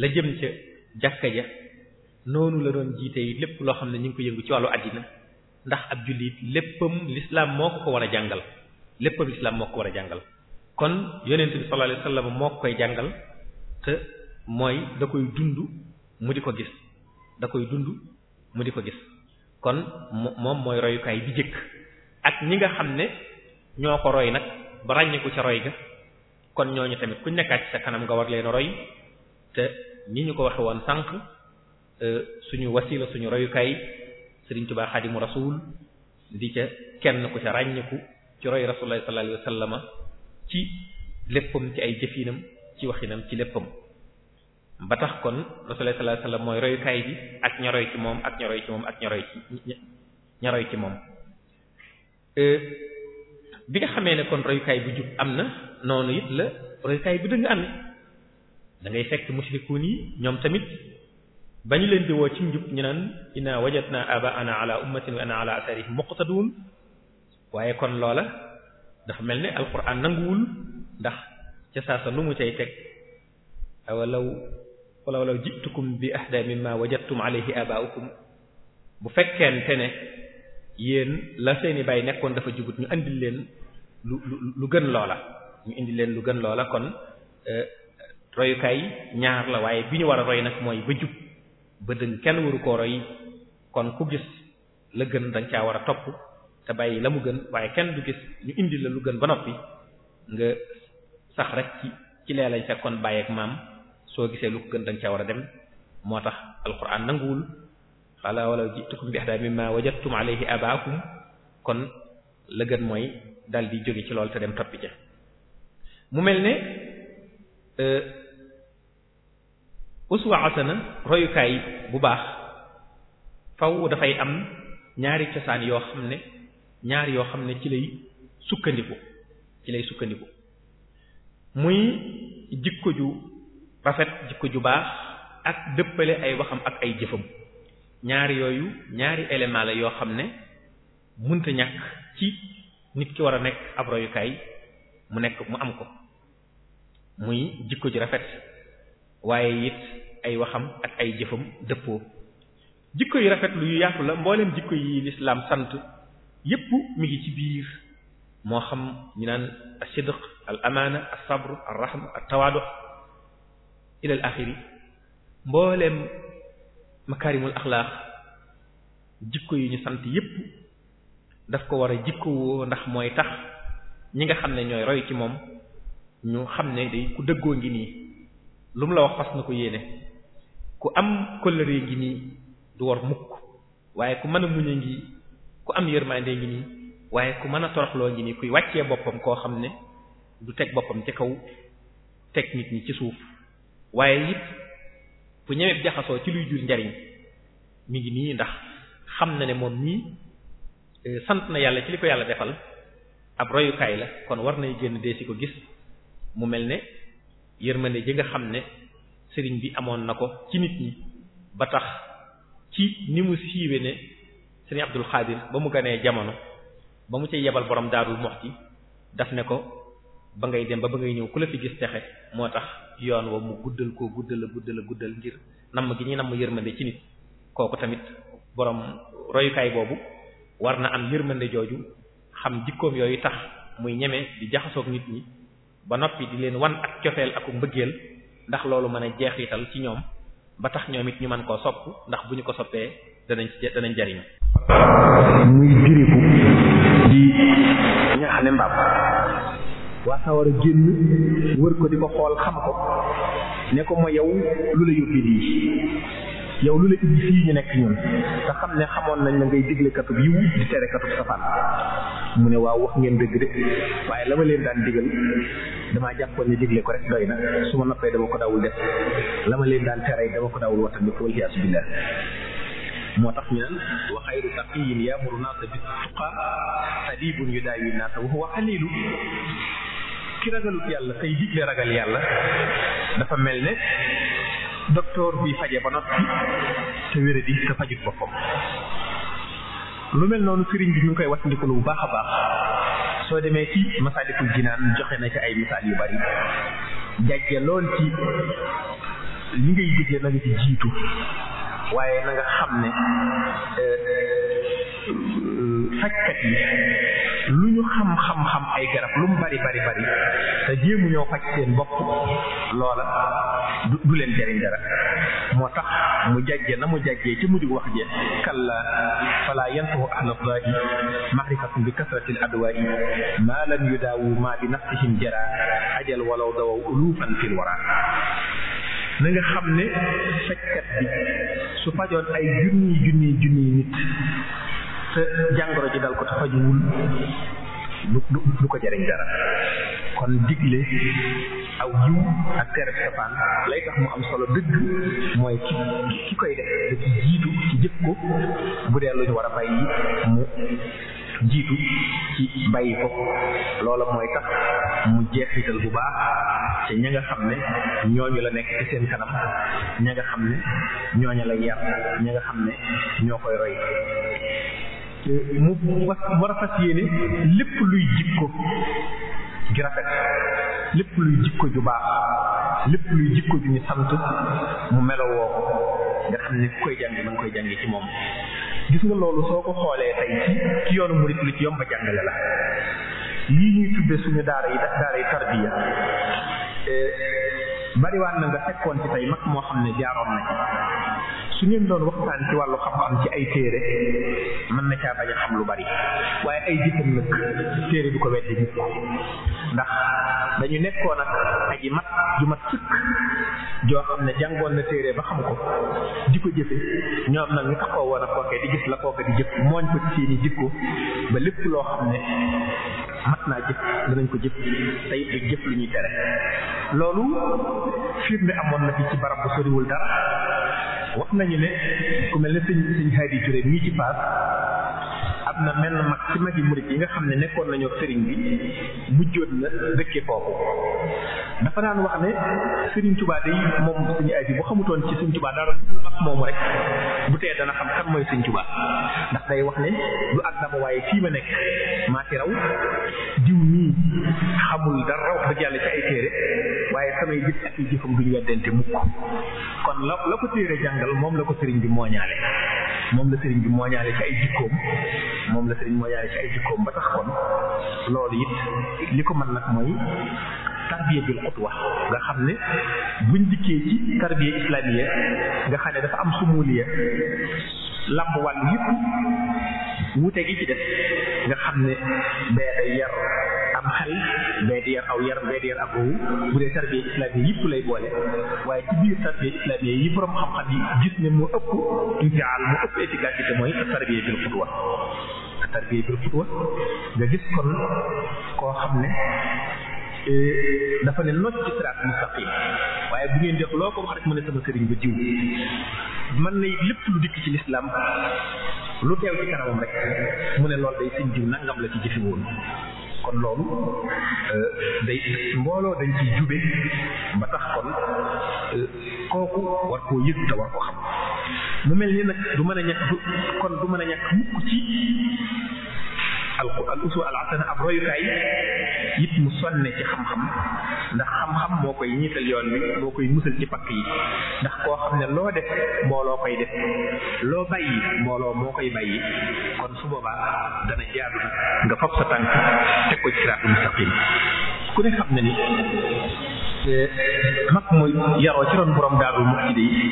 la jëm ca jàkka ja noonu la doon jiite yi lépp loo xam ne ñu ngi ko yëngu ci wàllu àddina ndax ab jullit léppam lislaam moo ko ko war a jàngal léppam lislaam moo ko war a jàngal kon yonent bi sallallahu moo ko koy jàngal te mooy da koy dund mu di ko gis da koy dund mu di ko gis kon moom mooy royukaay bi jëkk ak ñi nga xam ne ñoo ko roy nag ba ràññiku ca roy ga kon ñooñu tamit ku nekkaat ci sa kanam nga war leen roy te ñi ñu ko waxe woon sànq euh, suñu wasila suñu royukaay Sëriñ Tuubaa Xaadimu Rasuul di ca kenn ku ca ràññiku ci roy Rasulullah sallallahu alayhi wasallam ci léppam ci ay jëfinam ci waxinam ci léppam ba tax kon rasulullah sallallahu alayhi wasallam mooy royukaay bi ak ña roy ci moom ak ña roy ci moom ak ña roy ci moom euh, bi nga xamee ne kon royukaay bu jub am na noonu it la royukaay bu dëng am da ngay fekk mushrikuun yi ñoom tamit bañu leen di ci njub ñu naan inna wajadna abaana ala ummatin wa ana ala atharihim waaye kon loola dafa mel ne alquran nanguwul ndax ca saasa lu mu cay teg awalaw wala wala jitukum bi ahda mimma wajadtum alayhi aba'ukum bu fekkente ne yéen la seeni baay nekkoon dafa jugut ñu indi leen lu lu gën loola ñu indi leen lu gën loola kon euh, royukaay ñaar la waaye bi ñu war a roy nag mooy ba jub ba dëng kenn waru koo roy kon ku gis la gën danga caa war a topp te bàyyi la mu gën waaye kenn du gis ñu indi la lu gën ba noppi nga sax rek ci ci leelay sa kon bàyyeek maam soo gisee lu ko gën danga caa war a dem moo tax alquran nanguwul xala wala jitukum bi ahda mimma wajadtum alayhi abaakum kon la gën mooy dal di jóge ci loolu te dem toppi ja mu mel ne e, uswa hasana royukaay bu baax faw dafay am ñaari cosaan yoo xam ne ñaar yoo xam ne ci lay sukkandiku ci lay sukkandiku muy jikko ju rafet jikko ju baax ak dëppale ay waxam ak ay jëfam ñaari yooyu ñaari élément la yoo xam ne munta ñàkk ci nit ki war a nekk ab royukaay mu nekk mu am ko muy jikko ju rafet waaye it ay waxam ak ay jëfam dëppoo jikko yu rafet lu yu yaatu la mbooleem jikko yi lislaam sant yépp mi ngi ci biir moo xam ñu naan as-sidq al amaana as-sabr ar-rahm at-tawaadu ilal axiri mbooleem makaarimul axlaax jikko yu ñu sant yépp daf ko war a jikko ndax mooy tax ñi nga xam ne ñooy roy ci moom ñu xam ne day ku dëggoo ngi nii lu mu la wax fas na ko yéene ku am kóllëre ngi nii du war mukk waaye ku mën a muñ ngi ku am yërmande ngi nii waaye ku mën a toroxloo ngi nii kuy wàccee boppam koo xam ne du teg boppam ci kaw teg nit ñi ci suuf waaye it bu ñëwee jaxasoo ci luy jur njariñ mi ngi nii ndax xam na ne moom nii euh, sant na yàlla ci li ko yàlla defal ab royukaay la kon war nay génn dee ko gis mu mel ne yërmande ji nga xam ne sëriñ bi amoon na ko ci nit ñi ba tax ci ni mu siiwe ne sëriñ Abdul Xaadir ba mu ganee jamono ba mu ci yebal borom Daarul Muxti daf ne ko ba ngay dem ba ba ngay ñëw ku la fi gis texe moo tax yoon woo mu guddal koo guddal guddal guddal ngir namm gi ñuy namm yërmande ci nit kooku tamit borom royukaay boobu war na am yërmande jooju xam jikkoom yooyu tax muy ñeme di jaxasoog nit ñi ba noppi di leen wan ak cofeel ak mbëggeel ndax loolu mën a jeex jeexital ci ñoom ba tax ñoom it ñu mën koo sopp ndax bu ñu ko soppee danañ danañ jariñu muy diriku di ñaax ne mbaam waa sawara génn wër ko di ko xool xam ko ne ko ma yow lu la yóbbi lii yow lu la indi fii ñu nekk ñun te xam ne xamoon nañ na ngay digle katub yiw di tere katub safaan mu ne waaw wax ngeen dëgg de waaye la ma leen daan digal damaa jàppoon ne digle ko rek doy na su ma noppee dama ko daawul def la ma leen daan tere dama ko daawul watandi ko walxiyaas billah moo tax ñu naan wa xayru taqiyin yaamuru bi tuqa xadibun yu daawi naasa wa huwa xalilu ki ragalut yàlla tey digle ragal yàlla dafa mel ne docteur bi faje ba noppi te wére di te fajut boppam lu mel noonu sëriñ bi ñu ngi koy wattandiku lu bu baax a baax soo demee ci masaalikul jinaan joxe na ci ay misaal yu bari jàjje lool ci li ngay digle na ci jiitu waaye na nga xam ne euh, euh, fajkat yi lu ñu xam-xam-xam ay garab lu mu bari bari bari te jéemu ñoo faj seen bopp loola du du leen jariñ dara moo tax mu jàjje na mu jàjjee ci di wax je kalla fala yantahu ahlallahi maxrifatun bi kasratil adwaayi maa lam yudaawu maa bi nafsihim jara ajal walaw dawaw ulufan fil wara na xam ne fajkat bi su fajoon ay junni junni junni nit te jàngoro ji dal ko te fajuwul du du ko jariñ dara kon digle aw yiw ak tere safaan lay tax mu am solo dëgg mooy ki ki koy def da ci jiitu ci jëf ko bu dee lu ñu war a bàyyi mu jiitu ci bàyyi ko loola mooy tax mu jeexital bu baax te ña nga xam ne ñooñu la nekk ci seen kanam ña nga xam ne ñooñu la yar ña nga xam ne ñoo koy roy mu war a fas yéene lépp luy jikko ju rafet lépp luy jikko ju baax lépp luy jikko ju ñu sant mu melowoo ko nga xam ne ku koy jàng mën koy jàngi ci moom gis nga loolu soo ko xoolee tey ci yoonu mu lu ci yomb jàngale la yii ñuy tudde suñu daara yi daara yi tarbiya eh, bariwaan na nga fekkoon ci tey mag moo xam ne jaaroon na su ngeen doon waxtaan ci wàllu xam-xam ci ay téere mën na caa bañ a xam lu bari waaye ay jëfam nag téere du ko weddi ndax dañu nekkoon ak aji mat ju mat sëkk joo xam ne jàngoon na téere ba xam ko di ko jëfe ñor nag ñu ka koo war a kooke di gis la kooke di jëf mooñ ko ci seeni jikko ba lépp loo xam ne mat naa jëf danañ ko jëf tey du jëf lu ñuy tere loolu mi amoon na fi ci barab bu soriwul dara wax nañu ne ku mel ne sëñ sëñ Hadi Touré mii ci paas am na menn mag ci magi murit yi nga xam ne nekkoon nañoo sëriñ bi mujjoot na dëkke foofu dafa daan wax ne sëriñ Tuubaa day moom suñu ay bi bu xamutoon ci sëriñ Tuubaa dara lu mag moomu rek bu tee dana xam kan mooy sëriñ Tuubaa ndax day wax ne du ak dama waaye fii ma nekk maa ci raw diw mii xamul dara wax dëgg yàlla ci ay téere waaye samay jëf ak yi jëfam duñu weddante mukk kon la la ko téere jàngal moom la ko sëriñ bi mooñaale moom la sëriñ bi mooñaale ci ay jikkoom moom la sëriñ mooñaale ci ay jikkoom ba tax kon loolu it li ko mën nag mooy tarbiya bil xutwa nga xam ne buñ dikkee ci tarbiya islamiya nga xam ne dafa am sumuliya làmb wàll yëpp wuute gi ci def nga xam ne bee yar am xel bee di aw yar bee di yar ak owu bu dee tarbiya islamiya yëpp lay boole waaye ci biir tarbiya islamiya yi borom xam-xam yi gis ne mu ëpp intiaal mu ëpp efficacité mooy tarbiya bil xutwa tarbiya bil xutwa nga gis kon koo xam ne e, dafa ne nocc ci siraat mustaqim waaye bu ngeen def loo ko wax rek mën ne sama sëriñ ba jiw mën na lépp lu dikk ci lislaam lu teew ci kanamam rek mu ne loolu day seen jiw nangam la ci jëfe woon kon loolu day mbooloo dañ ciy jube ba tax kon kooku war koo yëg te war ko xam mu mel ni nag du mën a ñàkk kon du mën a ñàkk mukk ci al al usul ab royukaay it mu sonne ci xam-xam ndax xam-xam moo koy ñiital yoon wi moo koy musal ci pakk yi ndax koo xam ne loo def mbooloo koy def loo bàyyi mbooloo moo koy bàyyi kon su boobaa dana jaadu nga fab sa tànk teg ko ci siraatul mustaqim ku ne xam ne ni mag mooy yaroo ci ron borom daarul muxti yi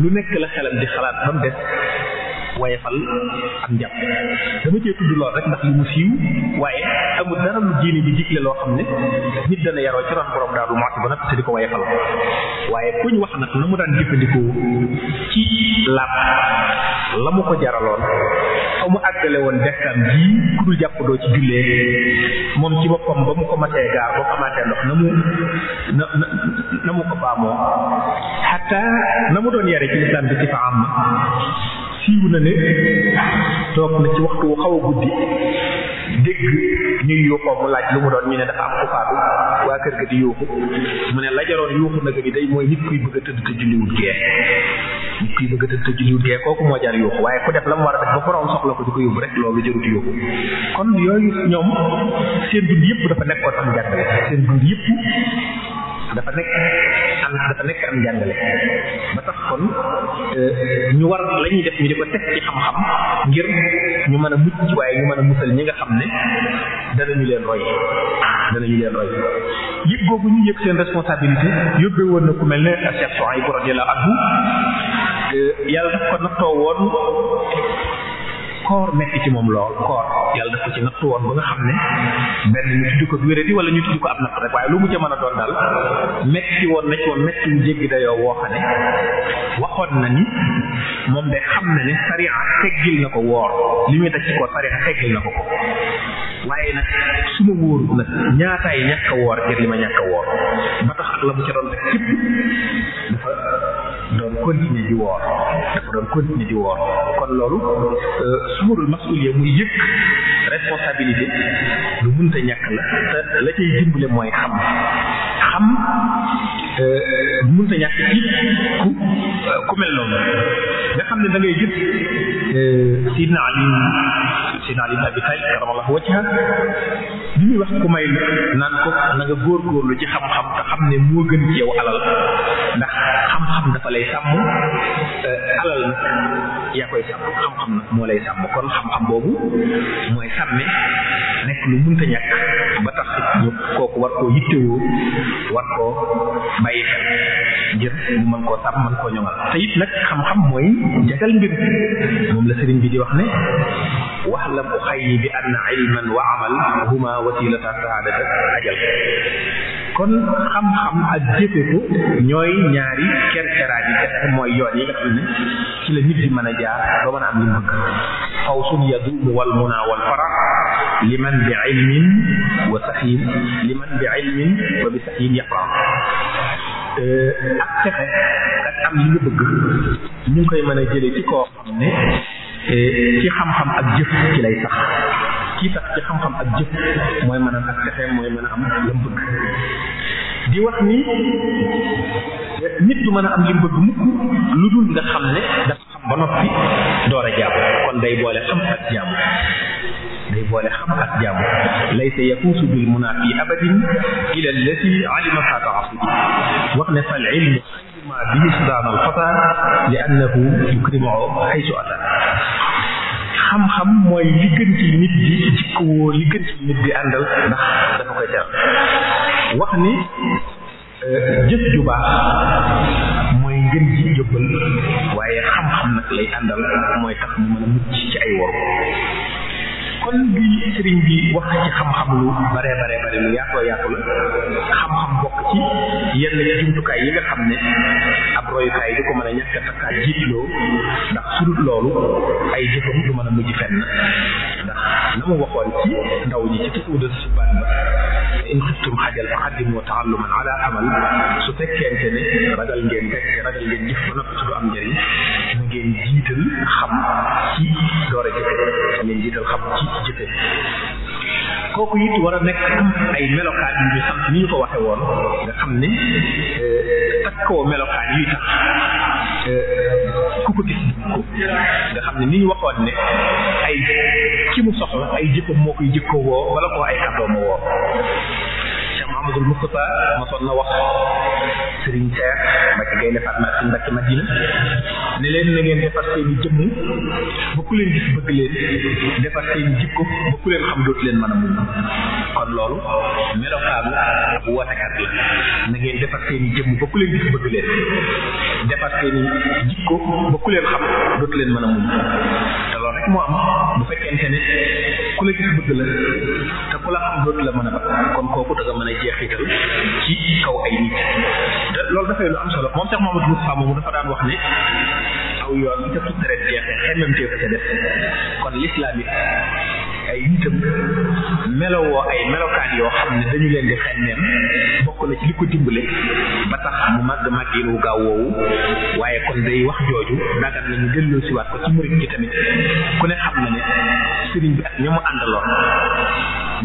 lu nekk la xelam di xalaat ba mu des woyefal ak njàpp dama cee tudd lool rek ndax li mu siiw waaye amul dara lu diine bi digle loo xam ne nit dana yaroo ci ron borom daal du moiti ba noppi te di ko woyefal waaye kuñ wax nag na mu daan jëfandikoo ci la mu ko jaraloon fa mu àggale woon dekkaam ji ku dul jàpp doo ci jullee moom ci boppam ba mu ko matee gaar boo xamaatee ndox na mu na na na mu ko baamoo xataa na mu doon yare ci lislaam bi ci fa am siiw na ne toog na ci waxtu wu xaw a guddi dégg ñuy yuuxoo mu laaj lu mu doon ñu ne dafa am ku waa kër ga di yuuxu mu ne lajaroon yuuxu nag ni day mooy nit kuy bëgg a tëdd te julliwut gee nit kuy bëgg tëdd te julliwut gee kooku moo jar yuuxu waaye ku def la mu war a def ba borom soxla ko di ko yóbbu rek loolu jarut yuuxu kon yooyu ñoom seen dund yëpp dafa nekkoon am jàngale seen dund yëpp dafa nekk am dafa nekk am jàngale ba tax kon euh, ñu war la ñuy def ñu di ko teg ci xam-xam ngir ñu mën a mucc waaye ñu mën a musal ñi nga xam ne danañu leen roy danañu leen roy yëg googu ñu yëg seen responsabilité yóbbee woon na ku mel ne Cheikh Souhaïbou radiyallahu anhu euh, yàlla daf ko nattoo woon koor nekk ci moom lool koor yàlla ko ci nattu woon ba nga xam ne benn ñu tudd ko wéradi wala ñu tudd ko ab natt rek waaye lu mu ca mën a doon daal metti woon na ci woon metti wu jéggi dayoo woo xam ne waxoon na ni moom de xam na ne sariya teggil na ko woor li muy daj ci ko sariya teggil na ko ko waaye nag su ma wóoru nag ñaataay ñàkk woor ngir li ma ñàkk woor ba tax ak la mu ca doon rek képp continuer di woor dafa doon continuer di woor kon loolu euh, suurul masuliya muy yëg responsabilité lu mënta ñàkk la te la cay dimbale mooy xam xam euh, mënta ñàkk ci ku ku mel noonu nga xam ne da ngay gis euh, Seydina Ali ibn Abi Talib karamallahu wajhahu bi muy wax ku may naan ko na góor góorgóorlu ci xam-xam te xam ne moo gën ci yow alal ndax xam-xam dafa lay sàmm eh, alal nag yaa koy sàmm xam-xam nag moo lay sàmm kon xam-xam boobu mooy sàmme nekk lu munta ñàkk ba tax ñu kooku war koo yittewoo war koo bàyyi ngir ñu mën ko sàmm mën koo ñoŋal te nag xam-xam mooy jagal mbir moom la sëriñ bi di wax ne waxlam uxayi bi ann ilman wa amal huma wasilata saadata ajal kon xam ñooy ñaari kerkeraat yi kese mooy yoon yi nga xam ci la nit di a jaar ba mën a am li mu bëgg fawsun yaduumu wal muna wal bi ilmin wa saxiin liman bi ilmin wa ak texe ak am li ñu bëgg ñu ngi koy mën a jële ci koo xam ne eh, ci xam-xam ak jëf ci lay sax kii sax ci xam-xam ak jëf mooy mën a ak mooy mën a am lam bëgg di wax ni nit du mën a am li mu bëgg mukk lu dul nga xam ne dafa xam ba noppi door a jaamu kon day boole xam ak jaamu day boole xam ak jàmm laysa yafuusu bil munaafi abadin ila allati alima faata asudi wax ne fal ilmu ma bihi sudaana al fata li annahu yukrimoo xaysu ata xam-xam mooy li gën ci nit bi jikkoo li gën ci nit bi àndal ndax dafa koy teral wax ni euh, mooy ngën ji yóbbal waaye xam-xam nag lay àndal mooy tax mu mën a ci ay wor kon bi sëriñ bi wax ci xam-xam lu bare bare bare lu yaatoo yaatu la xam-xam bokk ci yenn ci jumtukaay yi nga xam ne ab royukaay di ko mën a ñàkk a takkaat jiitloo ndax sudut loolu ay jëfam lu mën a mujj fenn ndax na mu waxoon ci ndaw ñi ci tuuda suban ba in xiftum xajal fa xaddimu taalluman ala amal su fekkente ne ragal ngeen rek ragal ngeen jëf ba noppi du am njëriñ na ngeen jiital xam amee njiital xam ci jëfe kooku it war a nekk am ay melokaan yu ñu sant ni ñu ko waxe woon nga xam ne eh, takkoo melokaan yuy tax eh, ku ko gis ko nga xam ne ni ñu waxoon ne ay ki mu soxla ay jëkkam moo koy jëkkoo woo wala ko ay kàddooma woo Ahmadul Muxtaar mosoon na wax Serigne Cheikh Mbacke Gaynde Fatma ak Mbacke Madina ne leen na ngeen defar seeni jëmm leen gis bëgg leen defar seeni jikko ba leen xam kon loolu melokaan la ak wootekat la na ngeen defar seeni jëmm ba ku leen gis bëgg leen defar seeni jikko ba ku leen xam dootu leen a muñ te loolu rek moo am bu fekkente ne ku la gis bëgg la te ku la xam dootu la mën a ba kon kooku da mën a jeexital ci kaw ay nit loolu dafay lu am solo moom sax Mamadou Moustapha moomu dafa daan wax ne aw yoon bi ca su deret jeexee xellanteeku ca def kon l'islam it ay nitam melowoo ay melokaan yoo xam ne dañu leen di xenneem bokk na ci li ko dimbale ba tax mu mag màggin wu gaaw woowu waaye kon day wax jooju dagat nañu delloo siwaat ko ci murit gi tamit ku ne xam na ne sëriñ bi ak ña mu àndaloon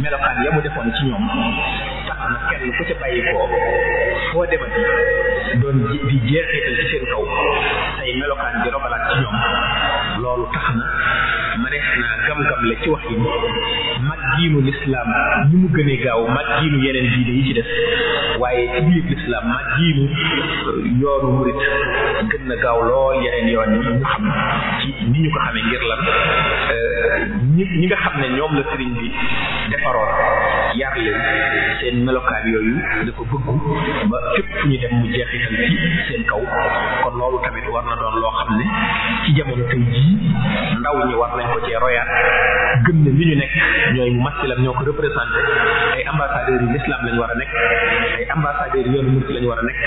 melokaan ya defoon ci ñoom tax na kenn ku ca bàyyi koo foo demati doon di jeexital ci seen kaw say melokaan di ci ñoom loolu tax na manees naa gam-gamle ci wax yi mag diinu lislaam ni mu gën gaaw mag diinu yeneen diine yi ci def waaye ci biir lislaam mag diinu yoonu murit gën na gaaw lool yeneen yoon yi ñu xam ci ni ñu ko xamee ngir lan euh, ñi ñi nga xam ne ñoom la sëriñ bi defaroon yar leen seen melokaan yooyu dafa bëggu ba fépp fu ñu dem mu jeexital ci seen kaw kon loolu tamit war na doon loo xam ne ci jamono tey jii ndaw ñi war nañ xaw cee royaat gëm ne ñu nekk ñooy mu masilam ñoo ko représenté ay ambassadeurs yu lañu war a nekk ay ambassadeurs yu yoonu murid lañu war a nekk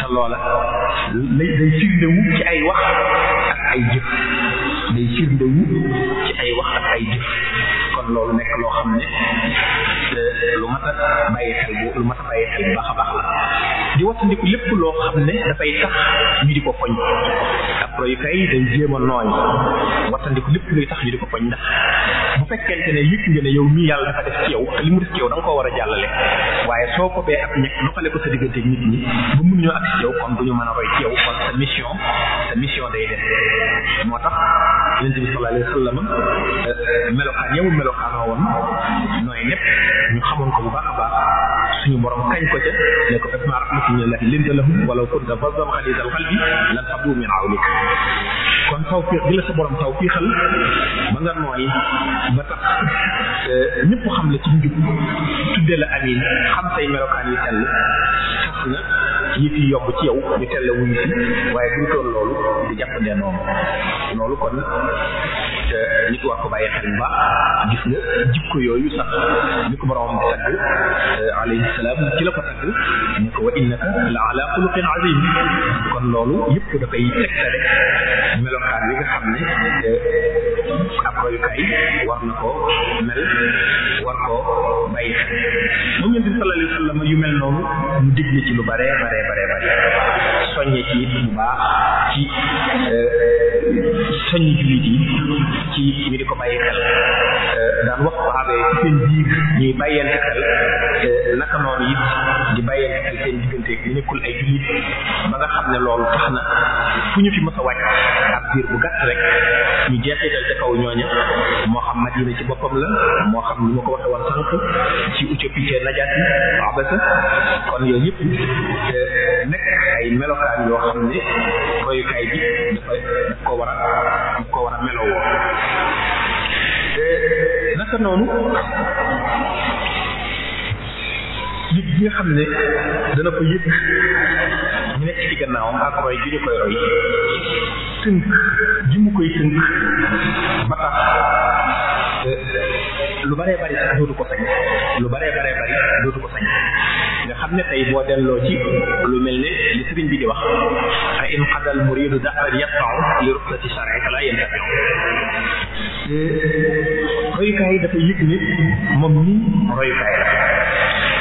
te loola lay day firndewu ci ay wax ak ay jëf day firndewu ci ay wax ak ay jëf kon loolu nekk loo xam ne euh, lu ma a bàyyi xel a bàyyi xel baax a baax la di wattandiku lépp loo xam ne dafay tax ñu di ko foñ ab royukaay day jéem a nooñ lépp luy tax ñu di ko foñ ndax bu fekkente ne yëg nga ne yow mii yàlla dafa def ci yow te li mu def ci yow da nga koo war a jàllale waaye soo ko bee ak ñekk doxale ko sa diggante nit ñi bu mun ñoo ak ci yow kon du ñu mën a roy ci yow kon sa mission sa mission day def moo tax yonent bi sallallahu alayhi wa sallam euh, subhaanahu wa nooy ñëpp ñu xamoon ko bu baax a baax suñu borom kañ ko ca ne ko isma rahmatillahi linta lahum walaw kon tawfiq bi la sa borom tawfiqal ba nga nooy ba tax ñëpp xam la ci njub tudde la amin xam say melokaan yi sell tax na yëf yi yomb ci yow ñu tella wuyu si waaye duñ toon loolu di jàpp ne noonu loolu kon tamit euh, nit war ko bàyyi xel bu baax gis nga jikko yooyu sax ni ko boroom tagg euh, alayhi salaam ci la ko tagg ni ko wa innaka la ala azim kon loolu yëpp dafay tegtale melokaan yi nga xam ne euh, ab royukaay war na ko mel war ko bàyyi xel moom yonent bi wa sallam yu mel noonu mu digle ci lu bare bare bare bare soññe ci bu baax ci soññ jullit yi yi ñu di ko bàyyi xel daan wax saxaaba yi ci seen biir ñuy bàyyante xel eh, naka noonu it di bàyyante xel seen diggante ñu nekkul ay jullit ba nga xam ne loolu tax na fu ñu fi mës a wàcc ab biir bu gàtt rek ñu jeexital ca kaw ci boppam la moo xam lu ko waxe woon sànq ci Éthiopie ca kon yooyu yëpp eh, nekk ay melokaan yoo xam ne royukaay bi dafa daf ko war a daf ko war a melowoo eh, naka noonu yëg nga xam ne dana ko yëg ñu nekk ci gannaawam ak roy gi ñu koy roy tënk ji mu koy tënk ba tax euh, lu baree bari sax ko sañ lu baree bari dootu ko sañ nga xam ne tey boo delloo ci lu mel ne li sëriñ bi di wax fa in muridu dafa yëg ne moom nii royukaay la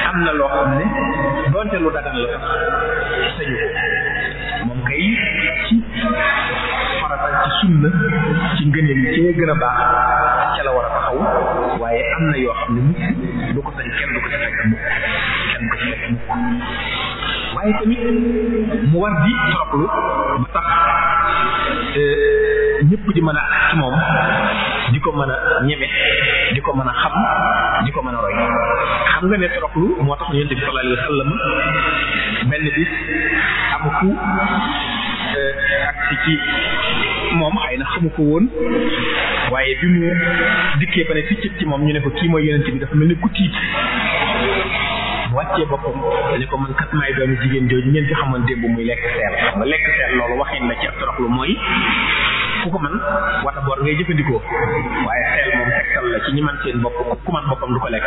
am na loo xam ne doonte lu dagan la sax sañu moom kay ci farata ci sunna ci ngëneel yi cee gën a baax ca la war a taxaw waaye am na yoo xam ne mukk du ko sañ kenn du ko ci fekk waaye tamit mu war di toroxlu ba tax euh, ñëpp di mën a ci moom di ko mën a ñeme di ko mën a xam di ko mën a roy xam nga ne toroxlu moo tax yonent bi sallallahu alayhi benn bis am ku euh, ak si ci moom xay na xamu ko woon waaye bi mu dikkee ba ne fi cëb ci moom ñu ne ko kii mooy yonent bi dafa mel ni ku tiit wàccee boppam ne ko man kat maay doomu jigéen jooju ngeen fi xamoon démb muy lekk seel xam nga lekk seel loolu waxin la ci ak toroxlu mooy ku ko man wata boor ngay jëfandikoo waaye xel moom tegtal la ci ñi man seen bopp ku man boppam du ko lekk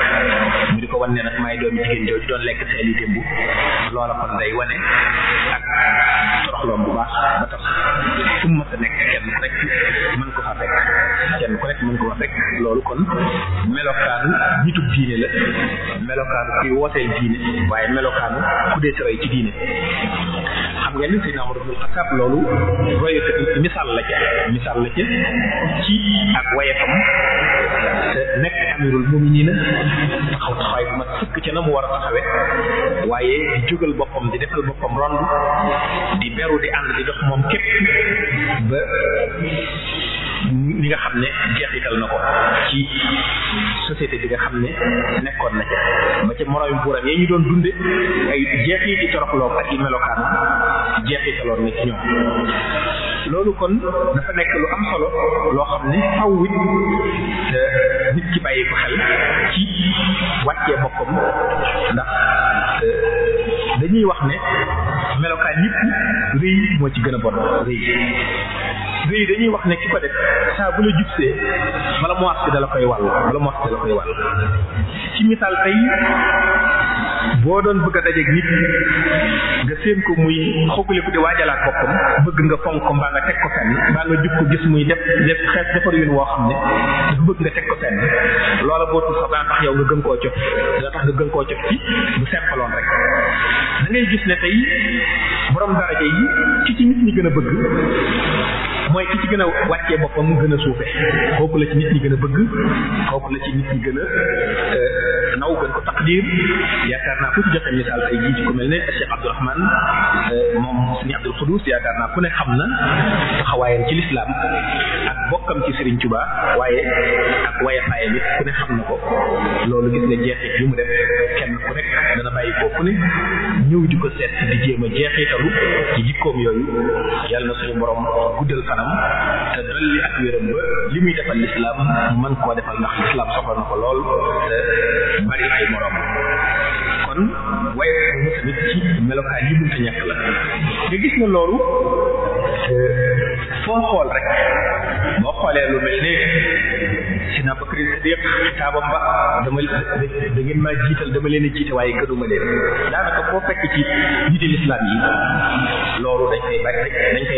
mu di ko wan ne nag maay doomi jigéen jooju doon lekk xel yi démb loola kon day wane ak toroxloom bu baax ba a nekk kenn rek mën ko kenn ku rek ko fa fekk loolu kon melokaanu nitub diine la melokaanu kuy wooteel diine waaye melokaanu ku dee ci roy ci diine xam ngeen ni Seydina Omar ibn Khattab loolu roy misaal la ca misaal la ci ci ak wayefam te nekk amirul muminina taxaw taxawaay bu sëkk ca na mu war a taxawe waaye jógal boppam di defal boppam rond di beru di ànd di dox moom képp ba li nga xam ne jeexital na ko ci société bi nga xam ne nekkoon na ca ba ca moroomi buuram yi ñu doon dunde ay jeexi ci toroxloog ak yi melokaan jeexitaloon na ci ñoom loolu kon dafa nekk lu am solo loo xam ne faw wit nit ki bàyyi ko xel ci wàccee boppam ndax euh, dañuy wax ne melokaan yëpp rëy moo ci gën a bon rëy rëy dañuy wax ne ki ko def saa bu la jubsee bala mu wax si dala koy wàll bala mu wax si dala koy wàll ci misaal tey boo doon bëgg a dajeeg nit nga séen ko muy xogaliku di waajalaat boppam bëgg nga fonk mbaa nga teg ko fenn mbaa nga jub ko gis muy def def xeet defar yun woo xam ne dafa bëgg nga teg ko fenn loola bootul sax daa tax yow nga gën koo jot daa tax nga gën koo jot ci bu sempaloon rek da gis ne tey borom daraja yi ci ci nit ñi gën a bëgg mooy ki ci gën a wàccee boppam gën a suufe kooku la ci nit ñi gën a bëgg kooku la ci nit ñi gën a euh, naw gën ko taqdir yaakaar naa ku ci joxe misaal ay ji ci ku mel ne Cheikh Abdourahman euh, moom suñu Abdul Xudus yaakaar naa ku ne xam na taxawaayam ci lislaam ak bokkam ci Serigne Touba waaye ak wayafaayam it ku ne xam na ko loolu gis nga jeexit yu mu def kenn ku nekk dana bàyyi ko ne ñëw di ko seet di jéem a jeexitalu ci jikkoom yooyu yàlla na suñu bakkanam te dolli ak wéram ba li muy defal lislaam mën koo defal ndax lislaam soxla na ko lool te bari ay moroom kon waaye mu tamit ci melokaan yi mënta ñàkk la nga gis na loolu foo xool rek boo xoolee lu mel ne Sina Bakri Siddiq xitaabam ba dama da ngeen maa jiital dama leen a jiite waaye gënuma leen daanaka koo fekk ci jiite lislaam yi loolu dañ koy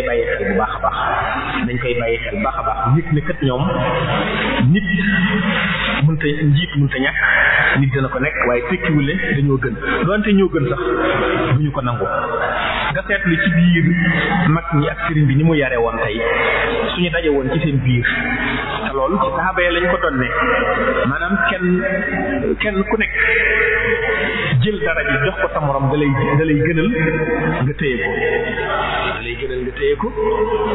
bàyyi xel bu baax a baax dañ koy bàyyi xel baax a baax nit ne kat ñoom nit mënta njiit mënta ñàkk nit dana ko nekk waaye tekkiwule dañoo gën doonte ñoo gën sax duñu ko nangu nga seetlu ci biir mag ñi ak sëriñ bi ni mu yare woon tey suñu daje woon ci seen biir naa loolu ci saxaaba yi lañ ko doon maanaam kenn kenn ku nekk jël dara ji jox ko sa morom da lay da lay gënal nga téye ko da lay gënal nga téye ko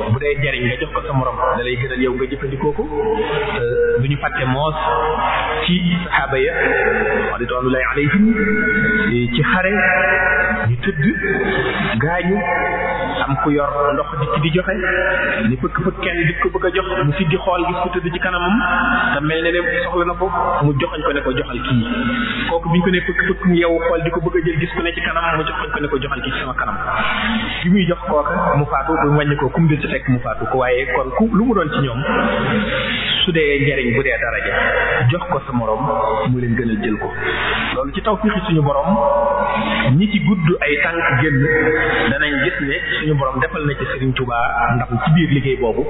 bu dee jariñ nga jox ko sa morom da gënal yow nga jëfandikoo ko bu euh, ñu fàtte moos ci saxaaba ya ridwaanu laahi alayhim ci xare ñu tëdd gaañu mu ku yor ndox dikk di joxe ni pëkk-pëkk kenn di ko bëgg a jox mu siggi xool gis ku tëdd ci kanamam te mel ne ne soxla na ko mu joxañ ko ne ko joxal kii kooku bi ñu ko ne pëkk-pëkk mu yow xool di ko bëgg a jël gis ku ne ci kanam mu joxañ ko ne ko joxal kii ci sama kanam bi muy jox kooka mu faatu bu mu wàññi ko kum dil ci mu faatu ko waaye kon lu mu doon ci ñoom su dee njariñ bu dee daraja jox ko sa moroom mu leen gën a jël ko loolu ci tawfiixi suñu borom ñi ci gudd ay tànk génn danañ gis ne suñu borom defal na ci Serigne Touba ndam ci biir liggéey boobu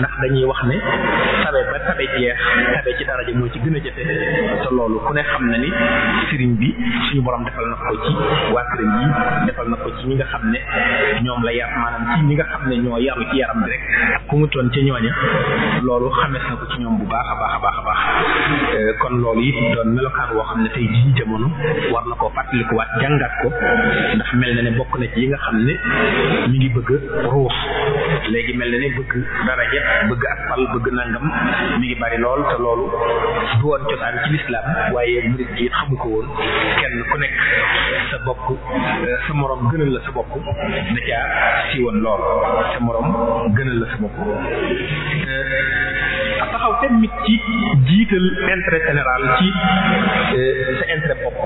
ndax dañuy wax ne tabe ba ci daraja moo ci gën a jafe loolu ku ne xam na ni Serigne bi suñu borom defal na ko ci waa këram yi defal na ko ci ñi nga xam ne ñoom la yar maanaam ci ñi nga xam ne ñoo yaru ci yaram bi rek ku mu toon ca ñooña loolu xames na ko ci ak ñoom bu baax a baax a baax a baax euh, kon loolu it doon melokaan woo xam ne tey jii jamono war na koo fàttalikuwaat jàngat ko ndax mel na ne bokk na ci yi nga xam ne mi ngi bëgg ruux léegi mel na ne bëgg darajet bëgg ak pal bëgg nangam mu ngi bari lool te loolu du woon cosaan ci lislaam waaye murid gi it xamu ko woon kenn ku nekk sa bokk euh, sa morom gënal la sa bopp da caa lool sa morom gënal la sa bopp euh, taxaw seen mit ci jiital intérêt général ci euh, sa intérêt bopp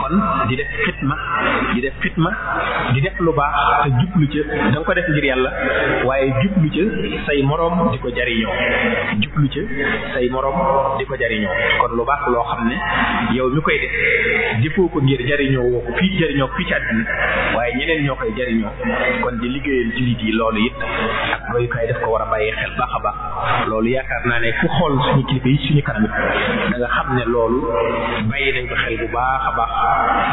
kon di def xitma di def xitma di def lu baax te jublu ca da ko def ngir yàlla waaye jublu ca say moroom di ko jariñoo jublu ca moroom di ko jariñoo kon lu baax loo xam ne yow mi koy def defoo ko ngir jariñoo woo ko fii jariñoo ko fii ci àddina waaye ñeneen ñoo koy jariñoo kon di liggéeyal jullit yi loolu it ak royukaay daf ko war a bàyyi xel baax a baax loolu yaakaar naa ne ku xool suñu kilifa yi suñu kanam da nga xam ne loolu bàyyi nañ ko xel bu baax a baax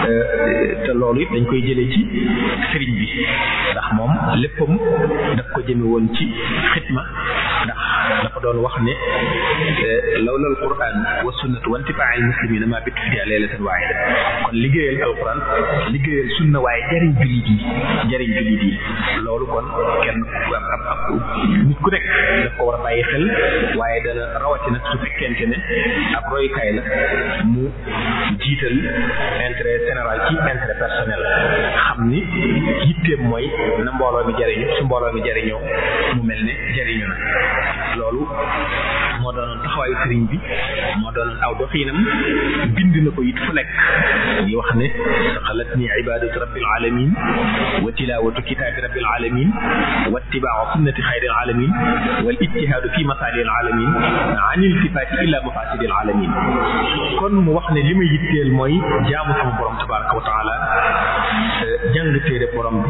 euh, te loolu it dañ koy jële ci sëriñ bi ndax moom léppam daf ko jëme woon ci ma ndax dafa doon wax ne euh, lawla al quran wa sunnatu wa intifaa'il muslimina ma bitu fi laylatan waahida kon liggéeyal alquran liggéeyal sunna waaye jariñ jullit yi jariñ jullit yi loolu kon kenn nit ku nekk daf ko war a bàyyi xel waaye dana rawatina su ne ab royukaay la mu jiital intérêt général ci intérêt personnel xam ni yitteem mooy na mbooloo mi jariñu su mbooloo jariñoo mu mel ne jariñu na loolu moo doonoon taxawaayu sëriñ bi moo doonoon aw doxiinam bind na ko it fu nekk ñu wax ne saxalat ni ibadatu rabbil alamin wa tilawatu kitaabi rabbil alamin wa wax ne li ma yitteel mooy jaamu sama borom tabaraka wa taala jàng téere borom bi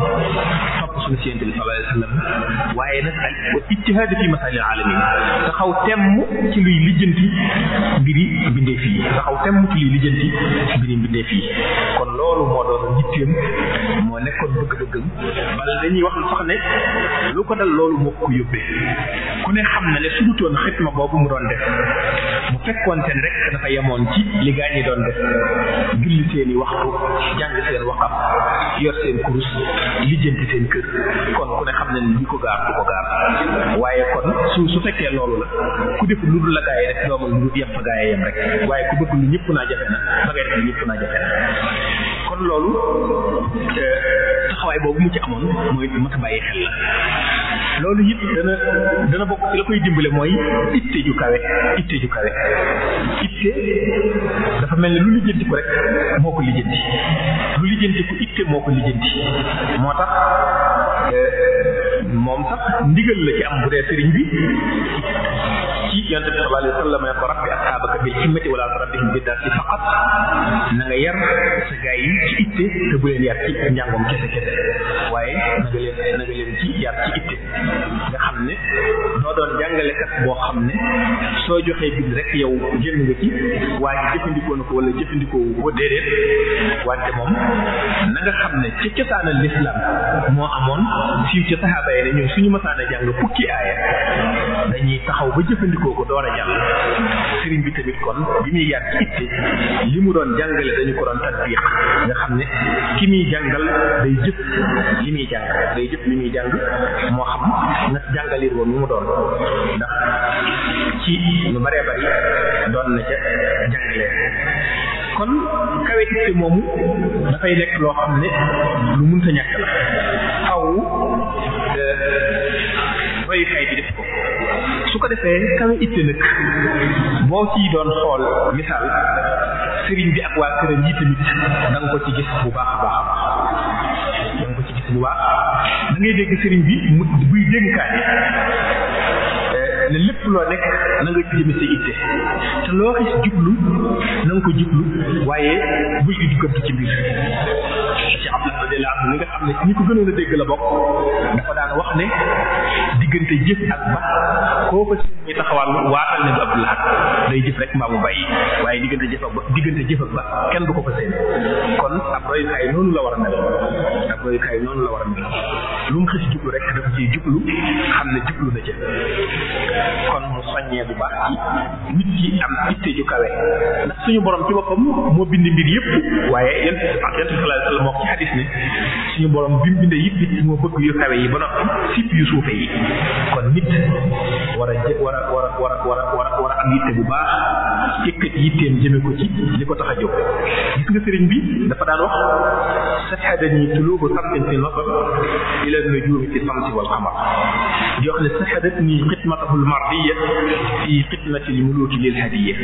topp suñu si yonent bi sallallahu alayhi waaye nag al ijtihaad fi masaa'il alamin taxaw temm ci luy lijjanti mbiri mbindeef yi taxaw temm ci luy lijjanti mbiri mbindeef yi loolu moo doon yitteem moo nekkoon bëgg-bëggam bala dañuy wax sax ne lu ko dal loolu moo ko yóbbee ku ne xam na ne sudutoon xitma boobu mu doon def mu fekkoon seen rek dafa yemoon ci li gaa ñi doon def julli seeni waxtu jàng seen waxam yor seen kurus lijjanti seen kër kon ku ne xam na ne li ko gaar du ko gaar waaye kon su su fekkee loolu la ku def lu dul la gaa yi rek doomal lu dul yem fa gaa rek waaye ku bëgg lu ñëpp naa jafe na ba naa jafe na kon loolu taxawaay boobu mu ci amoon mooy mat a bàyyi xel la loolu it dana dana bokk ci la koy dimbale mooy itte ju kawe itte ju kawe itte dafa mel ne lu lijjanti ko rek moo ko lijjanti lu lijjanti ko itte moo ko lijjanti moo tax eh, moom sax ndigal la ci am bu dee sëriñ bi ci yonte bi sallallahu alayhi wa sallam ne ko rabbi asxaabaka bil himmati wala faqat na yar sa gaay yi ci itte te bu leen yar ci njàngoom kese kese waaye na leen ci yar ci itte nga xam ne doo doon jàngalekat boo xam ne soo joxee bind rek yow génn nga ci waa ji na ko wala jëfandikoo ko déedéet wante moom na nga xam ne ci cosaanal lislaam moo amoon fii ci saxaaba ne ñoom suñu masaana jàng fukki aaya dañuy taxaw ba jëfandikoo kooku door a jàll sëriñ bi tamit kon bi muy yar ci itte li mu doon jàngale dañu ko doon tatbiq nga xam ne ki muy jàngal day jëf li muy jàng day li muy jàng moo xam na jàngalir mu mu doon ndax ci lu baree bari doon na ca jàngale kon kawe itte moomu dafay nekk loo xam ne lu munta ñàkk la faw euh, royukaay bi def su ko defee kawe itte nag boo ciy doon xool misaal sëriñ bi ak waa këram yi tamit da ko ci gis bu baax a baax da nga dégg sëriñ bi mu buy dénkaane eh, ne lépp loo nekk na jëme sa itte te loo xis jublu na ko jublu waaye bul gi duggantu ci mbir ci Abdallah radiyallahu anhu nga xam ne ñi ko gënoon a dégg la bokk dafa daan wax ne diggante jëf ak ba koo ko ci ñuy taxawal waatal ne du Abdul Ahad day jëf rek mbaa mu bàyyi waaye diggante jëf ak ba diggante jëf ba kenn du ko fa séen kon ab royukaay noonu la war a mel ab royukaay noonu la war a mel lu mu xis jublu rek dafa ciy jublu xam ne jublu na ca kon mu soññee bu baax ci nit ki am itte ju kawe ndax suñu borom ci boppam moo bind mbir yëpp waaye yent yent bi sallallahu alayhi wasallam wax moo bëgg yu kawe yi ba noppi sipp yu suufe yi kon nit war a war a war a war am yitte bu baax yëkkat yitteem jëme ko ci li ko tax a jóg gis nga sëriñ bi dafa daan wax saxadani tulubu samtin fi nasab ila nujuumi fi samti wal qamar di wax ne saxadat nii xidmatahu lmardiya fi xidmati l muluki lil hadiya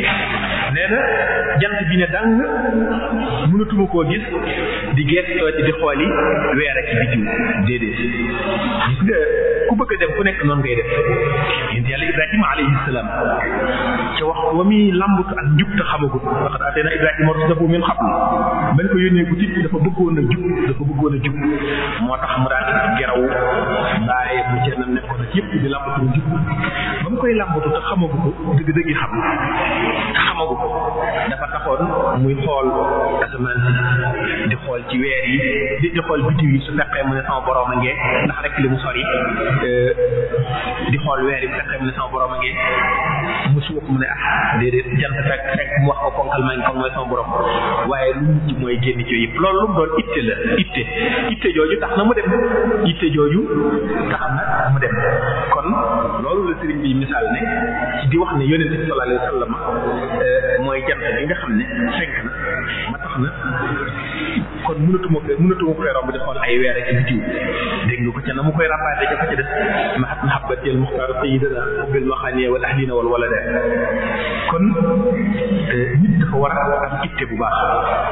nee jant bi ne dàng mënatuma koo gis di geestooti euh, di xooli weer ak biddiw déedéet ku bëgg a dem ku nekk noonu ngay def yéen yàlla ibrahima alayhi salaam ca wax wa muy lamb amut ak njub te xamagut laqad atayna ibrahima rusulahu min qabl bañ ko yónnee ko ci dafa bëggoon a jub dafa bëggoon a jub moo tax mu daal geraw daayee mu ca na nekkoon def yëpp di làmbatu njub ba mu koy làmbatu te xamagu ko dëgg dëgg xam te xamagu ko dafa taxoon muy xool asamaan di xool ci weer yi di xool bitiw yi su fekkee mu ne sama borom a ngee mu sori bu euh, fekkee mu ne sama borom a ngee mu suux mu ne ah déedéet jant fekk fekk mu wax ko konkal maa ngi kon mooy sama borom waaye lu mujj mooy génn ci yëpp loolu lu mu doon itte la itte itte jooju tax na mu dem itte jooju tax na mu dem kon loolu la sëriñ bi misaal ne ci di wax ne yonent bi sallallahu alayhi wa sallam eh, mooy jant bi nga xam ne fenk na ba tax na kon mënatuma koy mënatuma koy romb di xool ay weer ak diw dégg nga ko ca na mu koy rapaate ca fa ca des mahat mahabatil muxtaar sayidana bil maxaniya wal ahlina wal kon nit a bu baax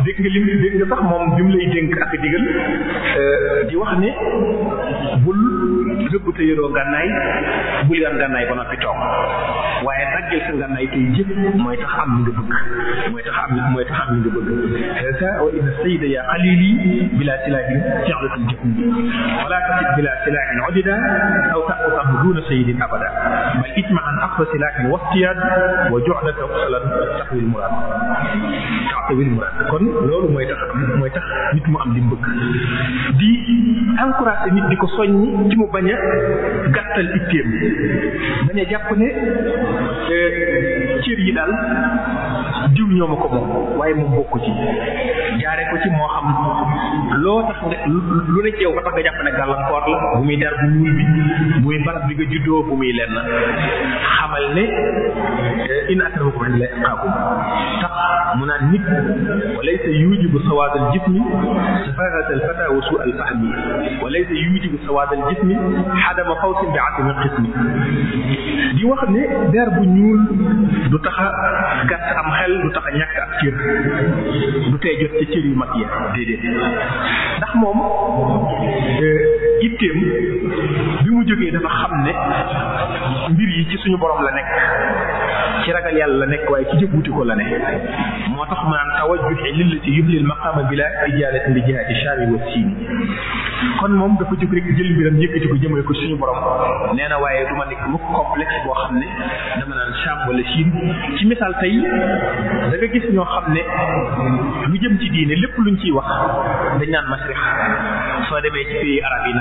dégg nga lim dégg nga sax moom bi mu lay dénk ak digal euh, di wax ne bul rëbb te yoroo gànnaay bul yor gànnaay ba noppi toog waaye daggal sa mooy tax am li nga bëgg mooy tax am mooy tax am li لي بلا سلاح فعلة الجحود ولا تسد بلا سلاح عددا أو تأخذه دون سيد أبدا بل اجمع عن أخذ سلاح واصطياد وجعلك أصلا تحوي المراد تحوي المراد kon loolu mooy tax mooy tax nit mu am li mu bëgg di encourager nit di ko soññ ci mu bañ a gàttal itteem bañ a jàpp ne euh, cër yi daal diw ñoo ko moom waaye moom bokku ci jaare ko ci moo xam loo tax lu ne ci yow ba tax nga jàpp ne gàllankoor la bu muy der bu ñuul bi muy barab bi nga juddoo bu muy lenn xamal ne eh, in akramakum inda Allahi atqaakum tax mu naan nit wa laysa yujibu sawaad al jismi safahat al fata wa suu al sawaad al jismi xadama fawsin bi wax ne der bu ñuul du tax a am xel du tax ñàkk ak cër du tey jot ci cër yu mag yi ndax moom euh, itteem bi mu jógee dafa xam ne mbir yi ci suñu borom la nekk ci ragal yàlla la nekk waaye ci jëf wuti ko la ne moo tax maanaam tawajjuhi lillati yublil maqama bila ijalatin bi jihati shami wa kon moom dafa jóg rek jël mbiram ko suñu borom nee na waaye du ma nekk mukk complexe boo xam ne dama naan sham wala siin ci misaal tey da nga ñoo xam ne lu jëm ci diine lépp luñ ciy wax dañ naan masrix soo demee ci pays arab yi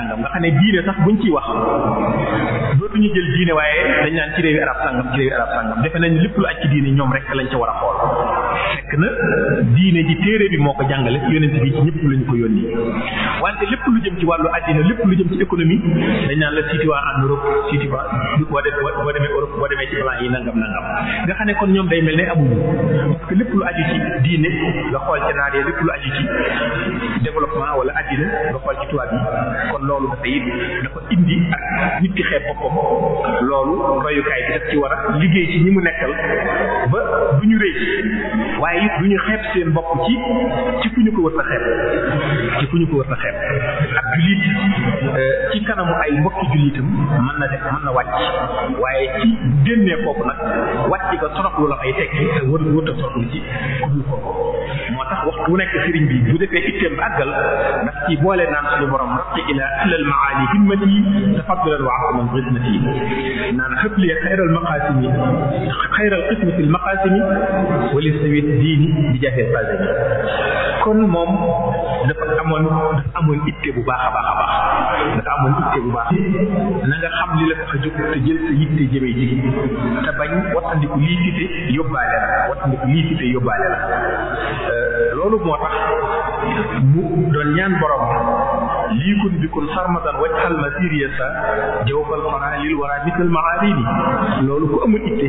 buñ ciy wax dootuñu jël diine waaye dañ naan ci réewi arab sàngam ci réewi arab sàngam defe nañ lépp lu aj ci ñoom rek lañ ca war a xool fekk na euh, diine ji téere bi moo ko jàngale yonent bi ci ñëpp lañu ko yónni wante lépp lu jëm ci wàllu àddina lépp lu jëm ci économie dañ naan la siiti am en Europe siiti waa boo demee boo demee Europe boo demee ci plan yi nangam nangam nga xam ne kon ñoom day mel ne amuñu parce lépp lu aju ci diine nga xool ci naar yi lépp lu aju ci développement wala àddina nga xool ci tubaab yi kon loolu dafa it dafa indi ak nit ki xeeb boppam loolu royukaay bi daf ci war a liggéey ci ñi mu nekkal ba duñu ñu waaye it du ñu xeeb seen bopp ci ci fu ñu ko wër a xeeb ci fu ñu ko wër a xeeb ak jullit euh, ci kanamu ay mbokki jullitam mën na def mën na wàcc waaye ci génnee foofu nag wàcc ko toroxlu la fay tekki te wër wërta toroxlu ci moo tax waxtu wu nekk sëriñ bi bu defee itteem ba ndax ci boole naan suñu borom rafet ila ilal maali himmati tafaddulan wa asaman xismati naan xëpp lee xayral maqaasimi xayral xismati l taqwi diini bi jafee passé kon moom dafa amoon dafa amoon itte bu baax a baax a baax dafa amoon itte bu baax na xam li la tax a jóg te jël sa itte jëmee jigi te bañ wattandiku lii fite yóbbaale la wattandiku lii fite yóbbaale la euh, loolu moo tax mu doon ñaan borom lii kun bi kun xarmatan wajhal masiriyata jawfal xanaalil wara mital maarili loolu ku amul itte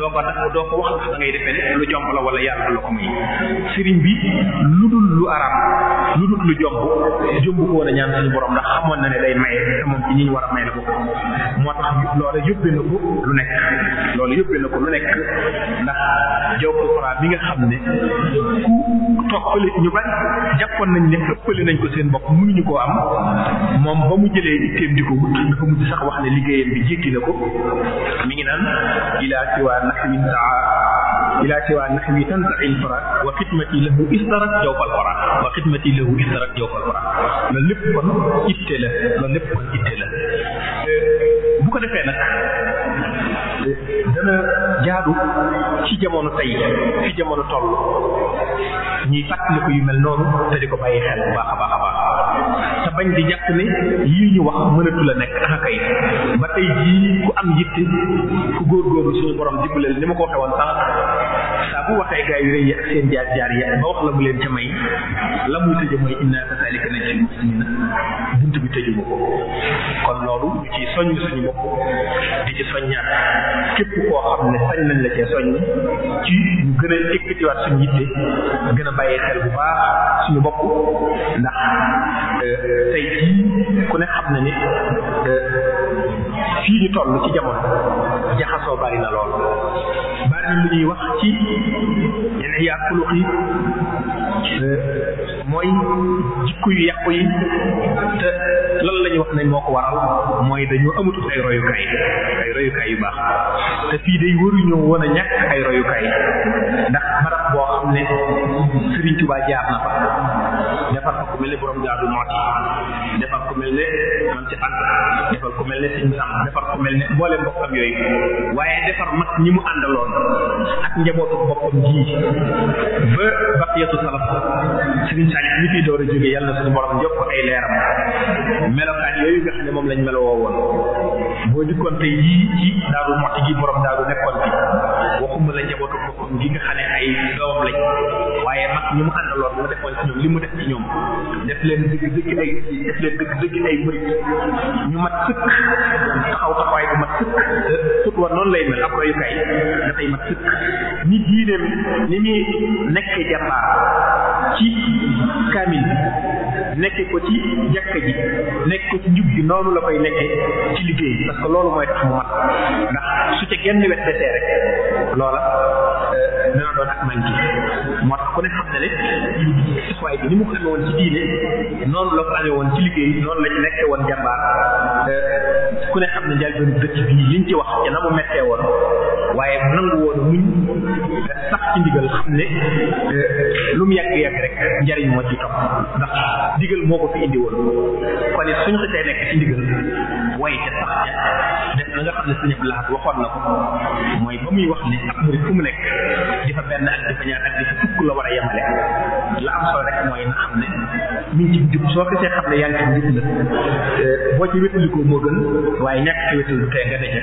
doo ko tax doo ko wax ndax da ngay ne lu jomb la wala yàlla la ko bi lu dul lu araam lu dul lu jomb jomb ko a ñaan suñu borom ndax xamoon na ne day maye te moom ci ñi war a may la ko moo tax loolu yóbbee na ko lu nekk loolu yóbbee na ko lu nekk ndax jawfal xanaa bi nga xam ne ku toppale ñu bari jàppoon nañ ne ëppale nañ ko seen bopp ñu ko am moom ba mu jëlee itteem di ko wut dafa mujj sax wax ne liggéeyam bi jéggi na ko mi ngi naan ilaa siwaa naxwin taa ilaa siwaa naxwi tantail farat wa xidmati lahu istarat jawfal wara wa xidmati lahu istarat jawfal wara loolu lépp kon itte la loolu lépp kon itte la bu ko defee nag dana jaadu ci jamono tey fi jamono toll ñuy fàttaliku yu mel noonu te ko bàyyi xel bu baax a baax a baax te bañ di jàpp ne yii ñu wax mënatu la nekk tax a kay ba tey jii ku am yitte ku góorgóorlu suñu borom dimbaleel ni ma ko waxee woon bu waxee gaa yu rëy seen jaar jaar ya ba wax la mu leen ca may la muy tëje mooy inna kasaalika nañ ci muslimina bunt bi tëju ko kon loolu ñu ci soññ bopp di ci soññaat képp koo xam ne sañ nañ la cee soññ ci ñu gën a ekkatiwaat suñu yitte gën a bàyyi xel bu baax suñu bopp ndax euh, tey jii ku ne xam na ne euh, fii ñu toll ci jamono jaxasoo bari na lool am ñuy wax ci yeneen yaa xulux yi mooy jikko yu yàqu yi te lan la wax nañ moo ko waral mooy dañu amatul ay royukaay ay royukaay yu baax te fii day waruñoo woon a ñàkk ay royukaay ndax barab boo xam ne Serigne Touba jaar na fa ku mel ne borom jaadu moot yi defar ku mel ne man ci ànd defar ku mel ne siñ sam defar ku mel ne mboolem mbokkam yooyu waaye defar mag ñi mu àndaloon ak njabootu boppam ji ba baqiyatu salaf sëriñ Saliou ñi fiy door a jóge yàlla na suñu borom yokk ay leeram melokaan yooyu nga xam ne moom lañ melowoo woon boo dikkoon tey jii ci daaru moxti gi borom daaru nekkoon bi waxuma la njabootu boppam gi nga xam ne ay doomam lañ waaye mag ñi mu àndaloon mu defoon ci ñoom li mu def ci ñoom def leen dëgg dëgg ay def ñu mat sëkk taxaw taxawaay bu mat sëkk sut war noonu lay mel ak royukaay dafay mat sëkk ni diineem ni muy nekkee jàmbaar ci kaamil nekke ko ci jàkka ji nekk ko ci njub gi noonu la koy nekke ci liggéey parce que loolu mooy tax mu mat ndax su ca genn wet desee rek loola euh, dana doon ak manqué moo tax ku ne xam ne ne waaye bi ni mu ko amee woon ci diine woon ci liggéey noonu la nekke woon jàmbaar euh, ku ne xam ne njal benn dëkk bii liñ ci wax ca na mu mettee woon waaye nangu woon muñ sax ci ndigal xam ne euh, lu mu yàgg yàgg rek njariñ moo ci topp ndax ndigal moo ko fi indi woon kon it suñu xëccee nekk ci ndigal way ca sax ca def na nga xam ne suñu laat waxoon na ko mooy ba muy wax ne ak mu nekk di fa benn ak di fa a yemale la am solo rek mooy na xam ne mi ngi ci jub soo ko see xam ne yaa ngi ci euh, boo ci wétalikoo moo gën waaye ñàkk ci wétal tee nga deje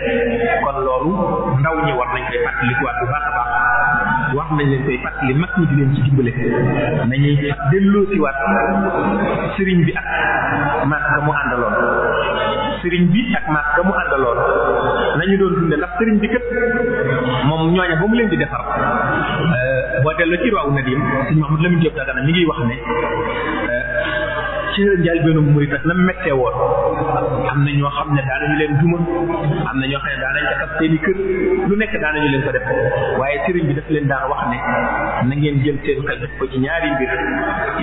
kon loolu ndaw ñi war nañ koy fàttalikuwaat bu baax a baax wax nañ leen koy fàttali mag ñi di leen ci dimbale nañuy delloo ci waat sëriñ bi ak mag ga mu àndaloon sëriñ bi ak mag ga mu àndaloon nañu doon dunde ndax sëriñ bi kët moom ñooña ba mu leen di defar boo delloo ci rawu nadim sëriñ Mahmoud Lamine Diop daga na mi ngiy wax ne ci njëlbéenu murit ak nam mettee woon am na ñoo xam ne daanañu leen duma am na ñoo xam ne daanañ lu nekk daanañu leen ko def waaye sëriñ bi daf leen daan wax ne na ngeen jël seen xel def ko ci ñaari mbir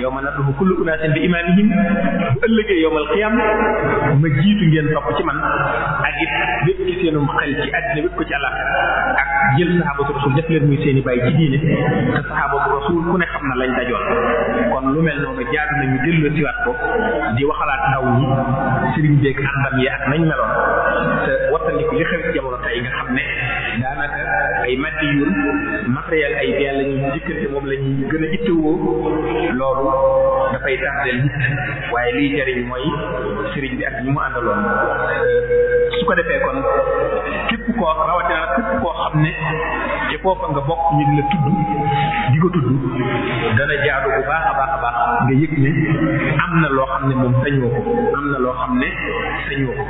yow ma nadduhu kullu unaasin bi imaamihim bu ëllëgee yowmal qiyam ma jiitu ngeen topp ci man ak it bépp ci seenum xel ci àddina bépp ko ci àllaaxira ak jël saxaabatu rasul def leen muy seeni bàyyi ci diine te saxaabatu rasul ku ne xam na lañ dajoon kon lu mel noonu jaadu nañu dellu siwaat ko di waxalaat ndaw ñi sëriñ beeg àndam yi ak nañ meloon te wattandiku li xew ci jamono tey nga xam ne daanaka ay màddi yu matériel ay bien la ñuy jëkkante moom la gën a ittewoo loolu dafay tardeel nit waaye liy jariñ mooy sëriñ bi ak ñi mu àndaloon euh, su ko defee kon képp koo rawatina képp koo xam ne ci foofa nga bokk ñu di tudd di ko tudd dana jaadu bu baax a baax a baax nga yëg ne am na loo xam ne moom sañoo ko am na loo xam ne sañoo ko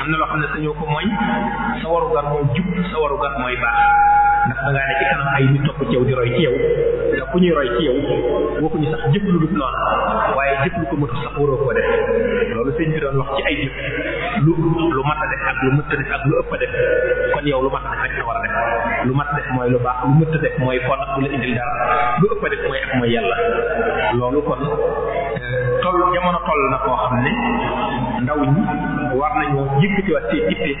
am na loo xam ne sañoo ko mooy sa warugar mooy jub sa mooy baax ndax da ngaa ne ci kanam ay ñu topp ci yow di roy ku ñuy roy ci yow waxuñu waaye jëf ko mëtu sax waroo koo def lu mat a def ak lu mëtt a def ak lu ëpp def kon yow lu mat a def a def lu mat a def mooy lu baax lu mëtt a def mooy fon bu la indil dara lu ëpp a def mooy ak mooy yàlla loolu kon toll jamono toll na koo xam ne ndaw ñi war nañu yëkkatiwaat seen yitte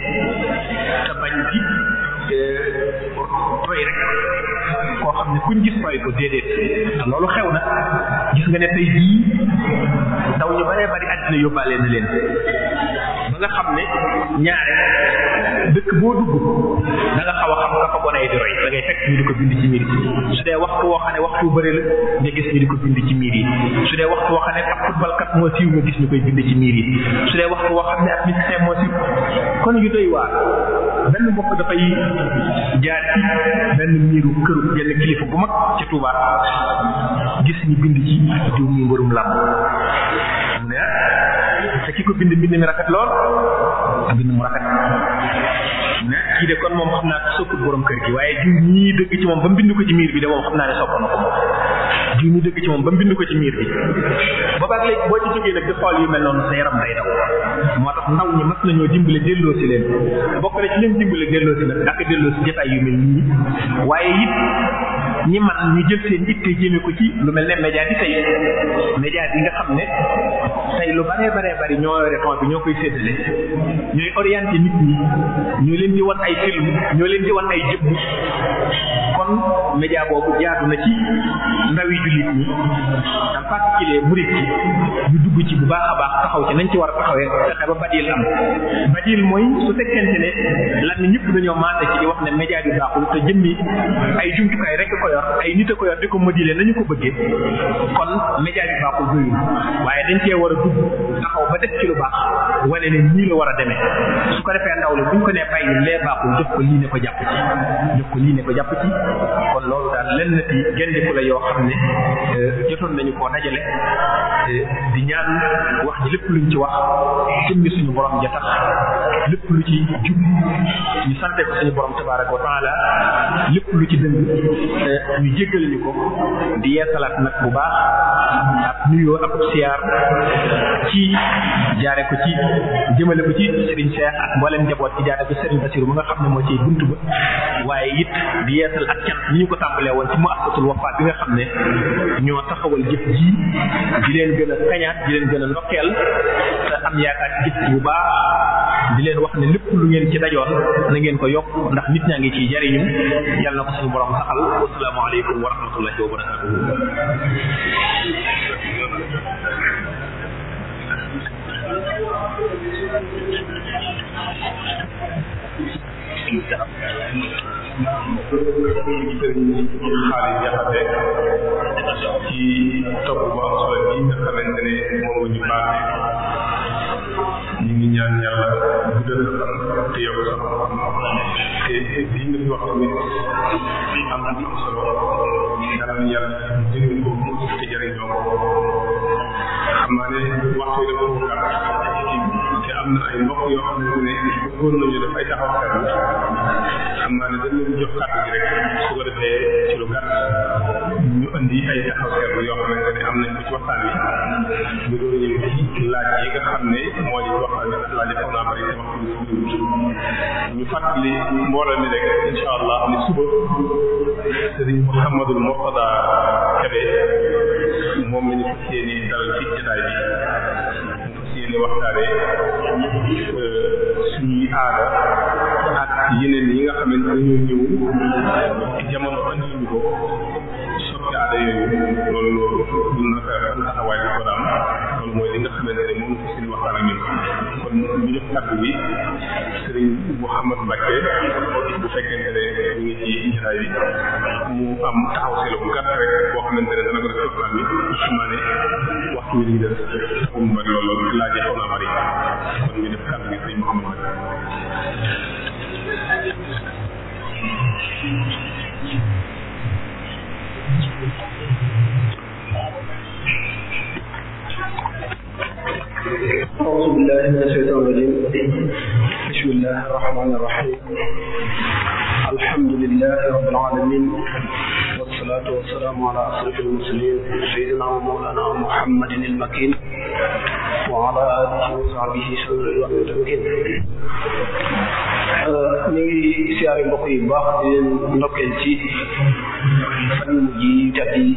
te bañ di euh, roy rek koo xam ne kuñ gis roy ko déedéet te loolu xew na gis nga ne tey jii ndaw ñu baree bari àddina yóbbaale na leen ba nga xam ne ñaare dëkk boo dugg da nga xaw a xam nga fa gone yi di roy da ngay fekk ñu di ko bind ci miir yi su dee waxtu woo xam ne waxtu bëri la nga gis ñu di ko bind ci miir yi su dee moo siiw nga gis ñu koy bind ci miir yi su dee waxtu woo xam ne ab musicien moo siiw kon yu doy waar benn mbokk dafay jaar ci benn miiru këru benn kilifa bu mag ci Touba gis ñu bind ci diw mu mbërum làmb ne te ki ko bind mbind mi rafet lool mbind mu rafet ne kii de kon moom xam naa sopput borom kër gi waaye diw ñii dëgg ci moom ba mbind ko ci miir bi de moom xam naa ne sopp na ko moom di mu dëkk ci moom ba mu bind ko ci miir bi booba ba léegi boo ci jógee nag di xool yu mel noonu sa yaram day daw moo tax ndaw ñi mas nañoo dimbale delloo ci leen bokk na ci leen dimbale delloo si nag ak delloo si jataay yu mel nii waaye it ñi man ñu jël seen itte jëme ko ci lu mel ne média di tey média yi nga xam ne tey lu baree baree bari ñoo yore fond bi ñoo koy séddale ñooy orienté nit ñi ñoo leen di wan ay film ñoo leen di wan ay jëmm kon média boobu jaadu na ci ndawi jullit ñi en particulier murit yi ñu dugg ci bu baax a baax taxaw ci nañ ci war a taxawee fexe ba badil am badil mooy su fekkente ne lan ñëpp dañoo maase ci di wax ne média bi baaxul te jëmmi ay jumtukaay rek ko yor ay nit a ko yor di ko modulé nañu ko bëggee kon média bi baaxul doyul waaye dañ cee war a dugg taxaw ba def ci lu baax wane ne nii la war a demee su ko defee ndaw li buñ ko nee bàyyi lee baaxul jox ko lii ne ko jàpp ci jox ko lii kon loolu daal lenn ci gendiku la yoo xam ne euh, jotoon nañu koo dajale euh, di ñaan wax ji lépp luñ ci wax jëmmi suñu borom ja tax lépp lu ci jub ñu sante ko suñu borom tabaraka wa taala lépp lu ci dëng euh, ñu jéggal ñu ko di yeesalaat nag bu baax ab nuyoo ak siyaar ci jaare ko ci jëmale ko ci Serigne Cheikh ak mboolem njaboot ci jaare ko Serigne Bassirou mu nga xam ne moo ci bunt ba waaye it di yeesal ak cant ni ñu ko tàmbalee woon ci mu asatul wafaat bi nga xam ne ñoo taxawal jëf ji di leen gën a kañaat di leen gën a ndokkeel te am yaakaar gis bu baax di leen wax ne lépp lu ngeen ci dajoon na ngeen ko yokk ndax nit ñaa ngi ciy jariñu yàlla na ko asalaamaaleykum wa rahmatullahi wa barakaatuhu xaalis jaxate ci topp bu am solo yi nga xamante ne ñu baaxee ñu ngi ñaan yàlla guddal sa fan te yow sax te lii nga fi wax tamit am na solo ñaanal ko te jëriñoo ko xam naa waxtu yi ko gàtt te am na ay mbokk yoo xam ne bëggoon nañu def ay taxaw xam naa ne dañ leen jox kàddu ñu indi ay taxaw-seetlu yoo xamante ne am nañ ko ci waxtaan wi ñu doon ñëw laaj yi nga xam ne moo di waxtaan bi laaj xaw naa bëri te wax ñu fàttali mbooloo mi rek incha allah ni moom la ñu fas yéene dalal ci jotaay bi ñu fas yéene waxtaanee euh, suñuy aada ak yeneen yi nga xamante ne ñoo ñëw jamono andi ñu ko aada loolu loolu dul na ban taxawaay la ko daam loolu mooy li nga xamante ne moom ci seen waxtaan ak ñun bi sëriñ Mouhamad Mbacke bu fekkente ne ñu ngi ci jataay mu am taxaw si bu gàtt rek boo xamante ne dana ko def waxtaan bi su ma ne waxtu wi ñu loolu loolu laaj yi xaw naa bari kon ñu def kàddu bi sëriñ Mouhamad Mbacke أعوذ بالله من الشيطان الرجيم بسم الله الرحمن الرحيم الحمد لله رب العالمين والصلاة والسلام على أشرف المرسلين سيدنا ومولانا محمد المكين وعلى آله وصحبه سنة الوحيد المكين ñu ngi siyaare mbokk yi baax di leen ndokkeel ci fan yi tedd yi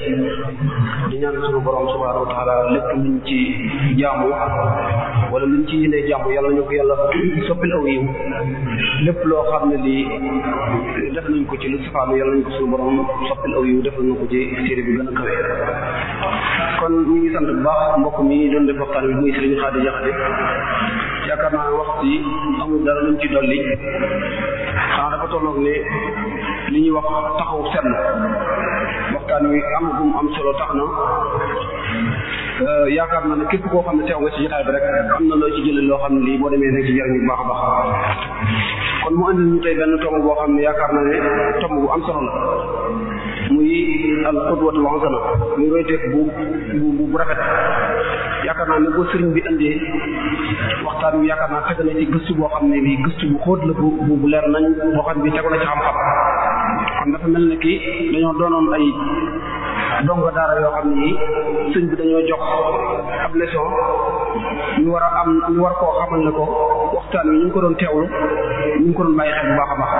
di ñaan suñu borom subhaanahu wa taala lépp luñ ci jaamu wala luñ ci yéenee jaamu yàlla ñu ko yàlla soppil aw yiw lépp loo xam ne li def nañ ko ci lu safaanu yàlla ñu ko suñu borom soppil aw yiw defal na ko ci téere bi gën a kawe kon ñu ngi sant bu baax mbokk mi doon def waxtaan bi muy Serigne Khady Diakhaté yaakaar naa waxtu yi amul dara luñ ci dolli xanaa dafa tolloog ne li ñuy wax taxaw seetlu waxtaan wi am gum am solo tax na euh, yaakaar naa ni képp koo xam ne teew nga ci jotaay bi rek am na loo ci jëlee loo xam ne lii boo demee nag ci jariñu bu baax a baax kon mu andil ñu tey benn tomb boo xam ne yaakaar na ne tomb bu am solo la muy al qudwatul uzma muy royteef bu bu bu rafet yaakaar naa ni ko sëriñ bi indee waxtaan wi yaakaar naa teg na ci gëstu boo xam ne bi gustu bu xóot la bu bu leer nañ boo xam bi tegu na ci xam-xam kon dafa mel na ki dañoo doonoon ay dongo daara yoo xam ni sëñ bi dañoo jox ab leçon ñu war a am ñu war koo xamal ne ko waxtaan wi ñu ngi ko doon teewlu ñu ngi ko doon bàyyi xel bu baax a baax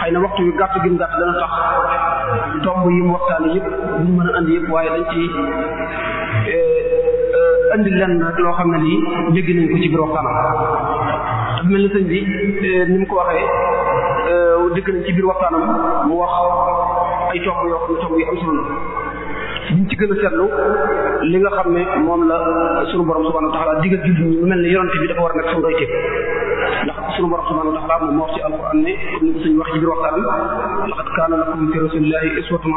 xëy na waxtu yu gàtt gi mu gàtt dana tax tomb yi mu waxtaan yëpp duñ mën a andi yëpp waaye dañ ci indi eh, eh, lenn loo xam ne nii jéggi nañ ko ci biir waxtaan dafa mel ni sëñ bi eh, ni mu ko waxee dëkk nañ ci biir waxtaanam mu wax ay tomb yoo xam tomb yi am solo liñ ci gën a seetlu li nga xam ne moom la sunu borom subhanahu wa ta'ala la jullit ñi mu mel ne yonante bi dafa war a nekk sunu doy teeb ndax sunu borom wa ta'ala moom moo wax ci wax ci biir waxtaan laqad kaana lakum fi rasulillahi yonante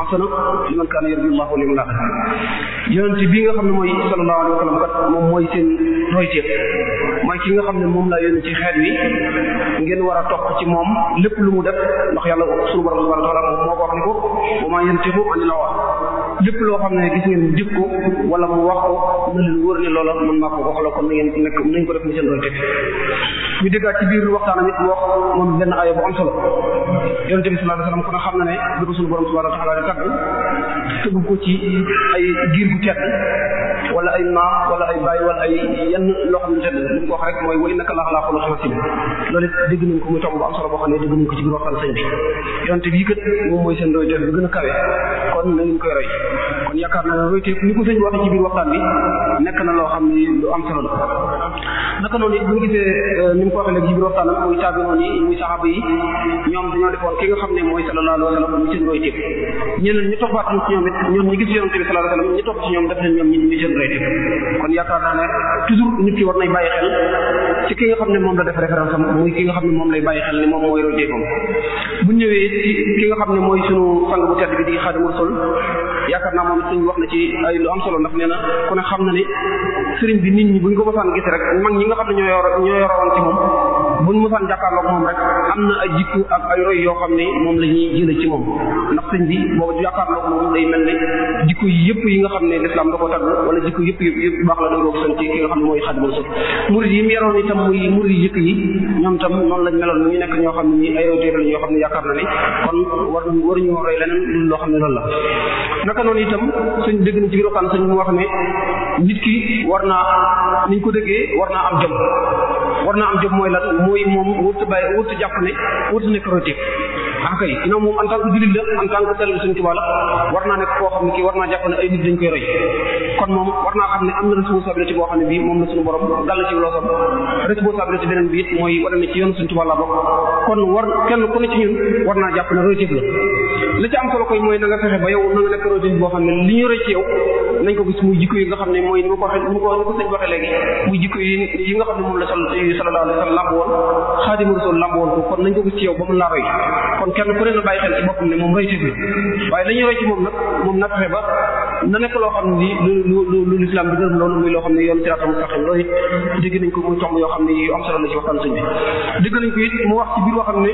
bi nga xam ne mooy sallallahu moom mooy seen doy teeb nga xam ne moom laa yónni ci xeet wi ngeen war a topp ci moom lépp lu mu def ndax yàlla sunu borom subhanahu wa ta'ala moom moo wax ni ko wa ma yantiqu anil hawa lépp loo xam ne gis ngeen jëf ko wala mu wax ko na leen wóor ne loola mën maa ko wax la kon na ngeen nekk nañ ko def ni seen doon teg ñu déggaat ci biir waxtaan amit mu wax moom benn aaya bu am solo yonente bi sallallahu alayhi wasallam kon xam na ne bi ko sunu borom subhanahu wa ta'ala di tagg tëgg ko ci ay giir gu tedd ay maam wala ay baay wala ay yenn loo xam ne tedd li mu ko wax rek mooy wa innaka laa xalaa xuluqin asiim loolu dégg nañ ko muy tomb am solo boo xam ne dégg nañ ko ci biir waxtaan sëñ bi yonte bii kat moom mooy seen doy def bi gën a kawe kon na ngeen koy roy kon yaakaar na loolu te ni ko sëñ waxee ci biir waxtaan bi nekk na loo xam ne lu am solo la naka noonu it bu ñu gisee euh, ni mu ko waxee léegi ci biir waxtaanam muy taabiroon yi muy saxaaba yi ki nga xam ne mooy sallallahu alayhi wa sallam mu seen roy téef ñu toppaat ñu ci ñoom it ñoom ñi ñu topp ci ñoom def nañ ñoom ñi ñu kon yaakaar naa ne toujours nit ki war nay bàyyi xel ci ki nga xam ne moom la def référence am ki nga xam ne moom lay bàyyi xel ni moom mooy roy téefam bu ñëwee ci ki nga xam ne mooy sunu sang bu tedd bi di Xaadimu Rasuul yaakaar naa moom sëñ wax na ci ay lu am solo ndax na ku xam na ne bi nit ñi buñ ko mosaan gis rek mag ñi nga xam ne ñoo yor ñoo yoroon ci moom buñ mosaan jàkkaarloog moom rek am na ay jikko ak ay yoo xam ne moom la ñuy jëlee ci moom ndax bi boobu jàkkaarloog moom day mel ne jikko yi yëpp yi nga xam ne da ko tagg wala jikko yëpp yëpp yëpp baax la dangoo sant xam ne mooy xadimal suf murid mu yaroon itam muy yi jëkk yi ñoom tam noonu lañ meloon ñu nekk ñoo xam ne ñi ay autorité la yoo xam ne yaakaar na ne kon war waruñu roy leneen loo xam ne loolu la naka noonu itam sëñ dégg na ci biir waxtaan sëñ mu wax ne nit ki war naa niñ ko déggee war naa am jom war naa am jom mooy lan mooy moom wërta bàyyi wërta jàpp ne wërta nekk rotif ah kay sinon moom en tant que jullit la en tant que talib sëñ Tuubaa la war naa nekk koo xam ne kii war naa jàpp ne ay nit dañ koy roy kon moom war naa xam ne am na responsabilité boo xam ne bii moom la suñu borom gàll ci loosam responsabilité beneen bi it mooy wane ne ci yoon sëñ Tuubaa la bokk kon war kenn ku ne ci ñun war naa jàpp ne rotif la la ci am solo koy mooy na nga ba yow na nga nekk rotif boo xam ne li ñu rëcc yow nañ ko gis muy jikko yi nga xam ne mooy ni ma ko waxee ni ma ko ni ko sëñ waxee léegi muy woon xaadimu rasul woon kon nañ ko gis ci yow ba mu laa roy kon kenn ku na bàyyi xel ci boppam ne moom roy tëfi waaye la ñuy moom nag moom na fexe ba na nekk loo xam ne ni lu lu lu lislaam bi gërëm loolu loo xam ne yoon siraatal mustaqiim loolu it dégg nañ ko muy tomb yoo xam ne yu am solo la ci waxtaan sëñ bi dégg nañ ko it mu wax ci biir loo ne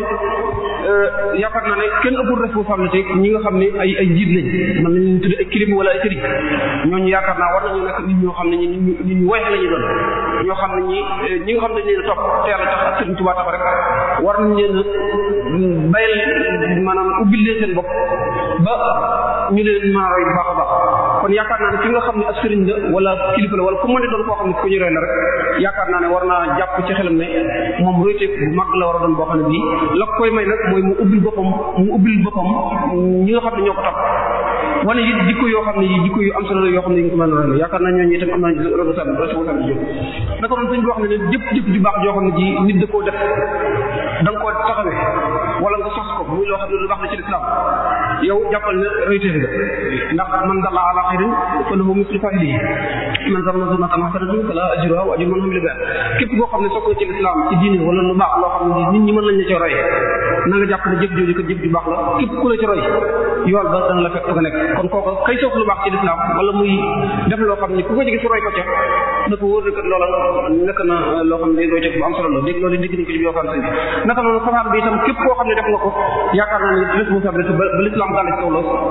euh, yaakaar naa ne kenn ëppul responsabilité ñi nga xam ne ay ay kilim wala sëriñ ñooñu yaakaar naa war nañu nekk nit ñoo xam ne ñi nit ñu woyof lañu doon ñoo xam ne ñi ñi nga xam ne dañ leen topp teel a tax sëriñ Tuubaa tax rek war nañ leen bayal maanaam ubbil leen seen bopp ba ñu leen a roy bu baax a baax kon yaakaar naa ne ki nga xam ne ab sëriñ la wala kilifa la wala ku mën di doon koo xam ne naa ne war naa jàpp ci xelam ne moom royte bu a boo xam ne bii la koy may nag mooy mu ubbil boppam mu ubbil boppam ñi nga xam ne ñoo ko topp wane yoo xam ne yi jikko yu am yoo xam ne yi nga ko mën a roy la yaakaar naa ñooñu itam am naa rosa rosa bi jóg naka doon ne ne jëpp jëpp ju baax joo xam ne ji nit da koo def da nga koo taxawee wala nga loo xam ne lu baax la ci lislaam yow jàppal ne réytéef nga ndax man dalla ala xayrin fa lahu mislu fa'ilihi man sarna sunnatan hasanatan fala ajruha wa ajru man amila biha képp koo xam ne sokk ci lislaam ci diine wala lu baax loo xam na nga jàpp ne jëf jooju ko jëf ju baax la képp ku la ci roy yool ba dana la fekk fa nga nekk kon kooku kay soog lu baax ci lislaam wala muy def loo xam ne ku ko ci gis roy ko ca na ko wóor ne kat loola nekk na loo xam ne doo ca bu am solo la dégg loolu dégg nañ ko koo xam ne def nga ko yaakaar naa ne la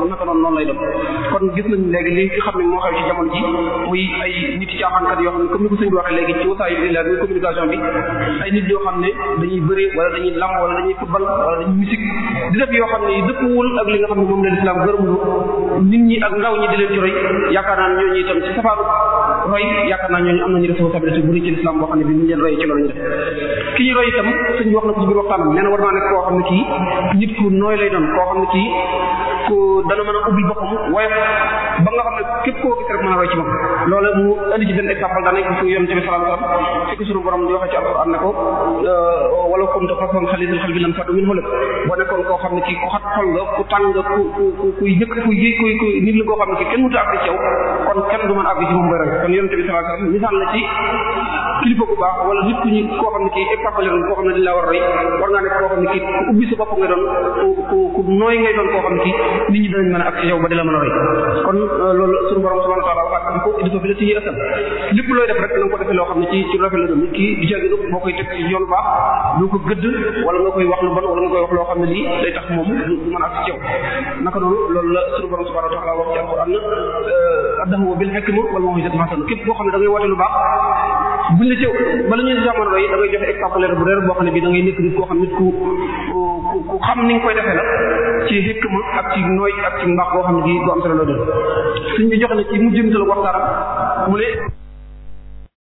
naka noonu noonu lay def kon gis nañ léegi li nga xam ne moo xew ci jamono la muy communication bi ay nit yoo xam ne dañuy bëri wala dañuy lam wala dañuy football wala dañuy musique di def yoo xam ne dëppwul ak li nga xam ne moom la l'islam gërëmul nit ñi ak ndaw ñi di leen itam ci safaanu roy yaakaar naa ñooñu am nañu responsabilité bu rëy ci l'islam boo ne bi ñu leen roy ci loolu ñu def ki ñu roy itam sëñ wax na ko ci biir waxtaan war naa nekk koo xam ne kii nit ku nooy lay doon koo xam ne kii ku dana mën a ubbi boppam woyof ba képp koo gis rek mën a roy ci moom loolu mu indi ci benn exemple daanaka fu ko suñu borom di waxee ci alquran ne ko euh, wala kunta fafan xalisil xel bi lan fadu min xulëk boo nekkoon koo xam ne kii ku xat xol nga ku tàng nga ku ku kuy jëkk kuy kuy kuy nit la koo xam ne a àgg ci a war a war ngaa nekk koo xam ne kii ku ubbi sa bopp nga doon ku ku nooy ngay doon koo xam ne nit ñi danañ mën a àgg ci yow ba di la mën a roy kon euh, loolu suñu borom subhanahu wa ta'ala waxaat ko indi ko fi la tiyi asan lépp looy def rek na nga ko defee loo xam ne ci ci rafet la doon nit ki di jàggi nu boo koy teg ci yoonu baax du ko gëdd wala nga koy wax lu bon wala nga koy wax loo xam ne lii day tax moom du mën a ak ci yow naka noonu loolu la suñu borom subhanahu wa ta'ala wax ci alquran na addahu bil hikma wal mawhidati hasana képp koo xam ne da ngay woote lu baax buñ la ci bala ñuy jamono doy da ngay joxe exemple bu reer boo xam ne bi da ngay nekk nit koo xam nit ku ku xam ni nga koy defee la ci hikma ak ci nooy ak ci mbaax boo xam ne gi du am solo la doon jox la ci mujjantal waxtaan mu ne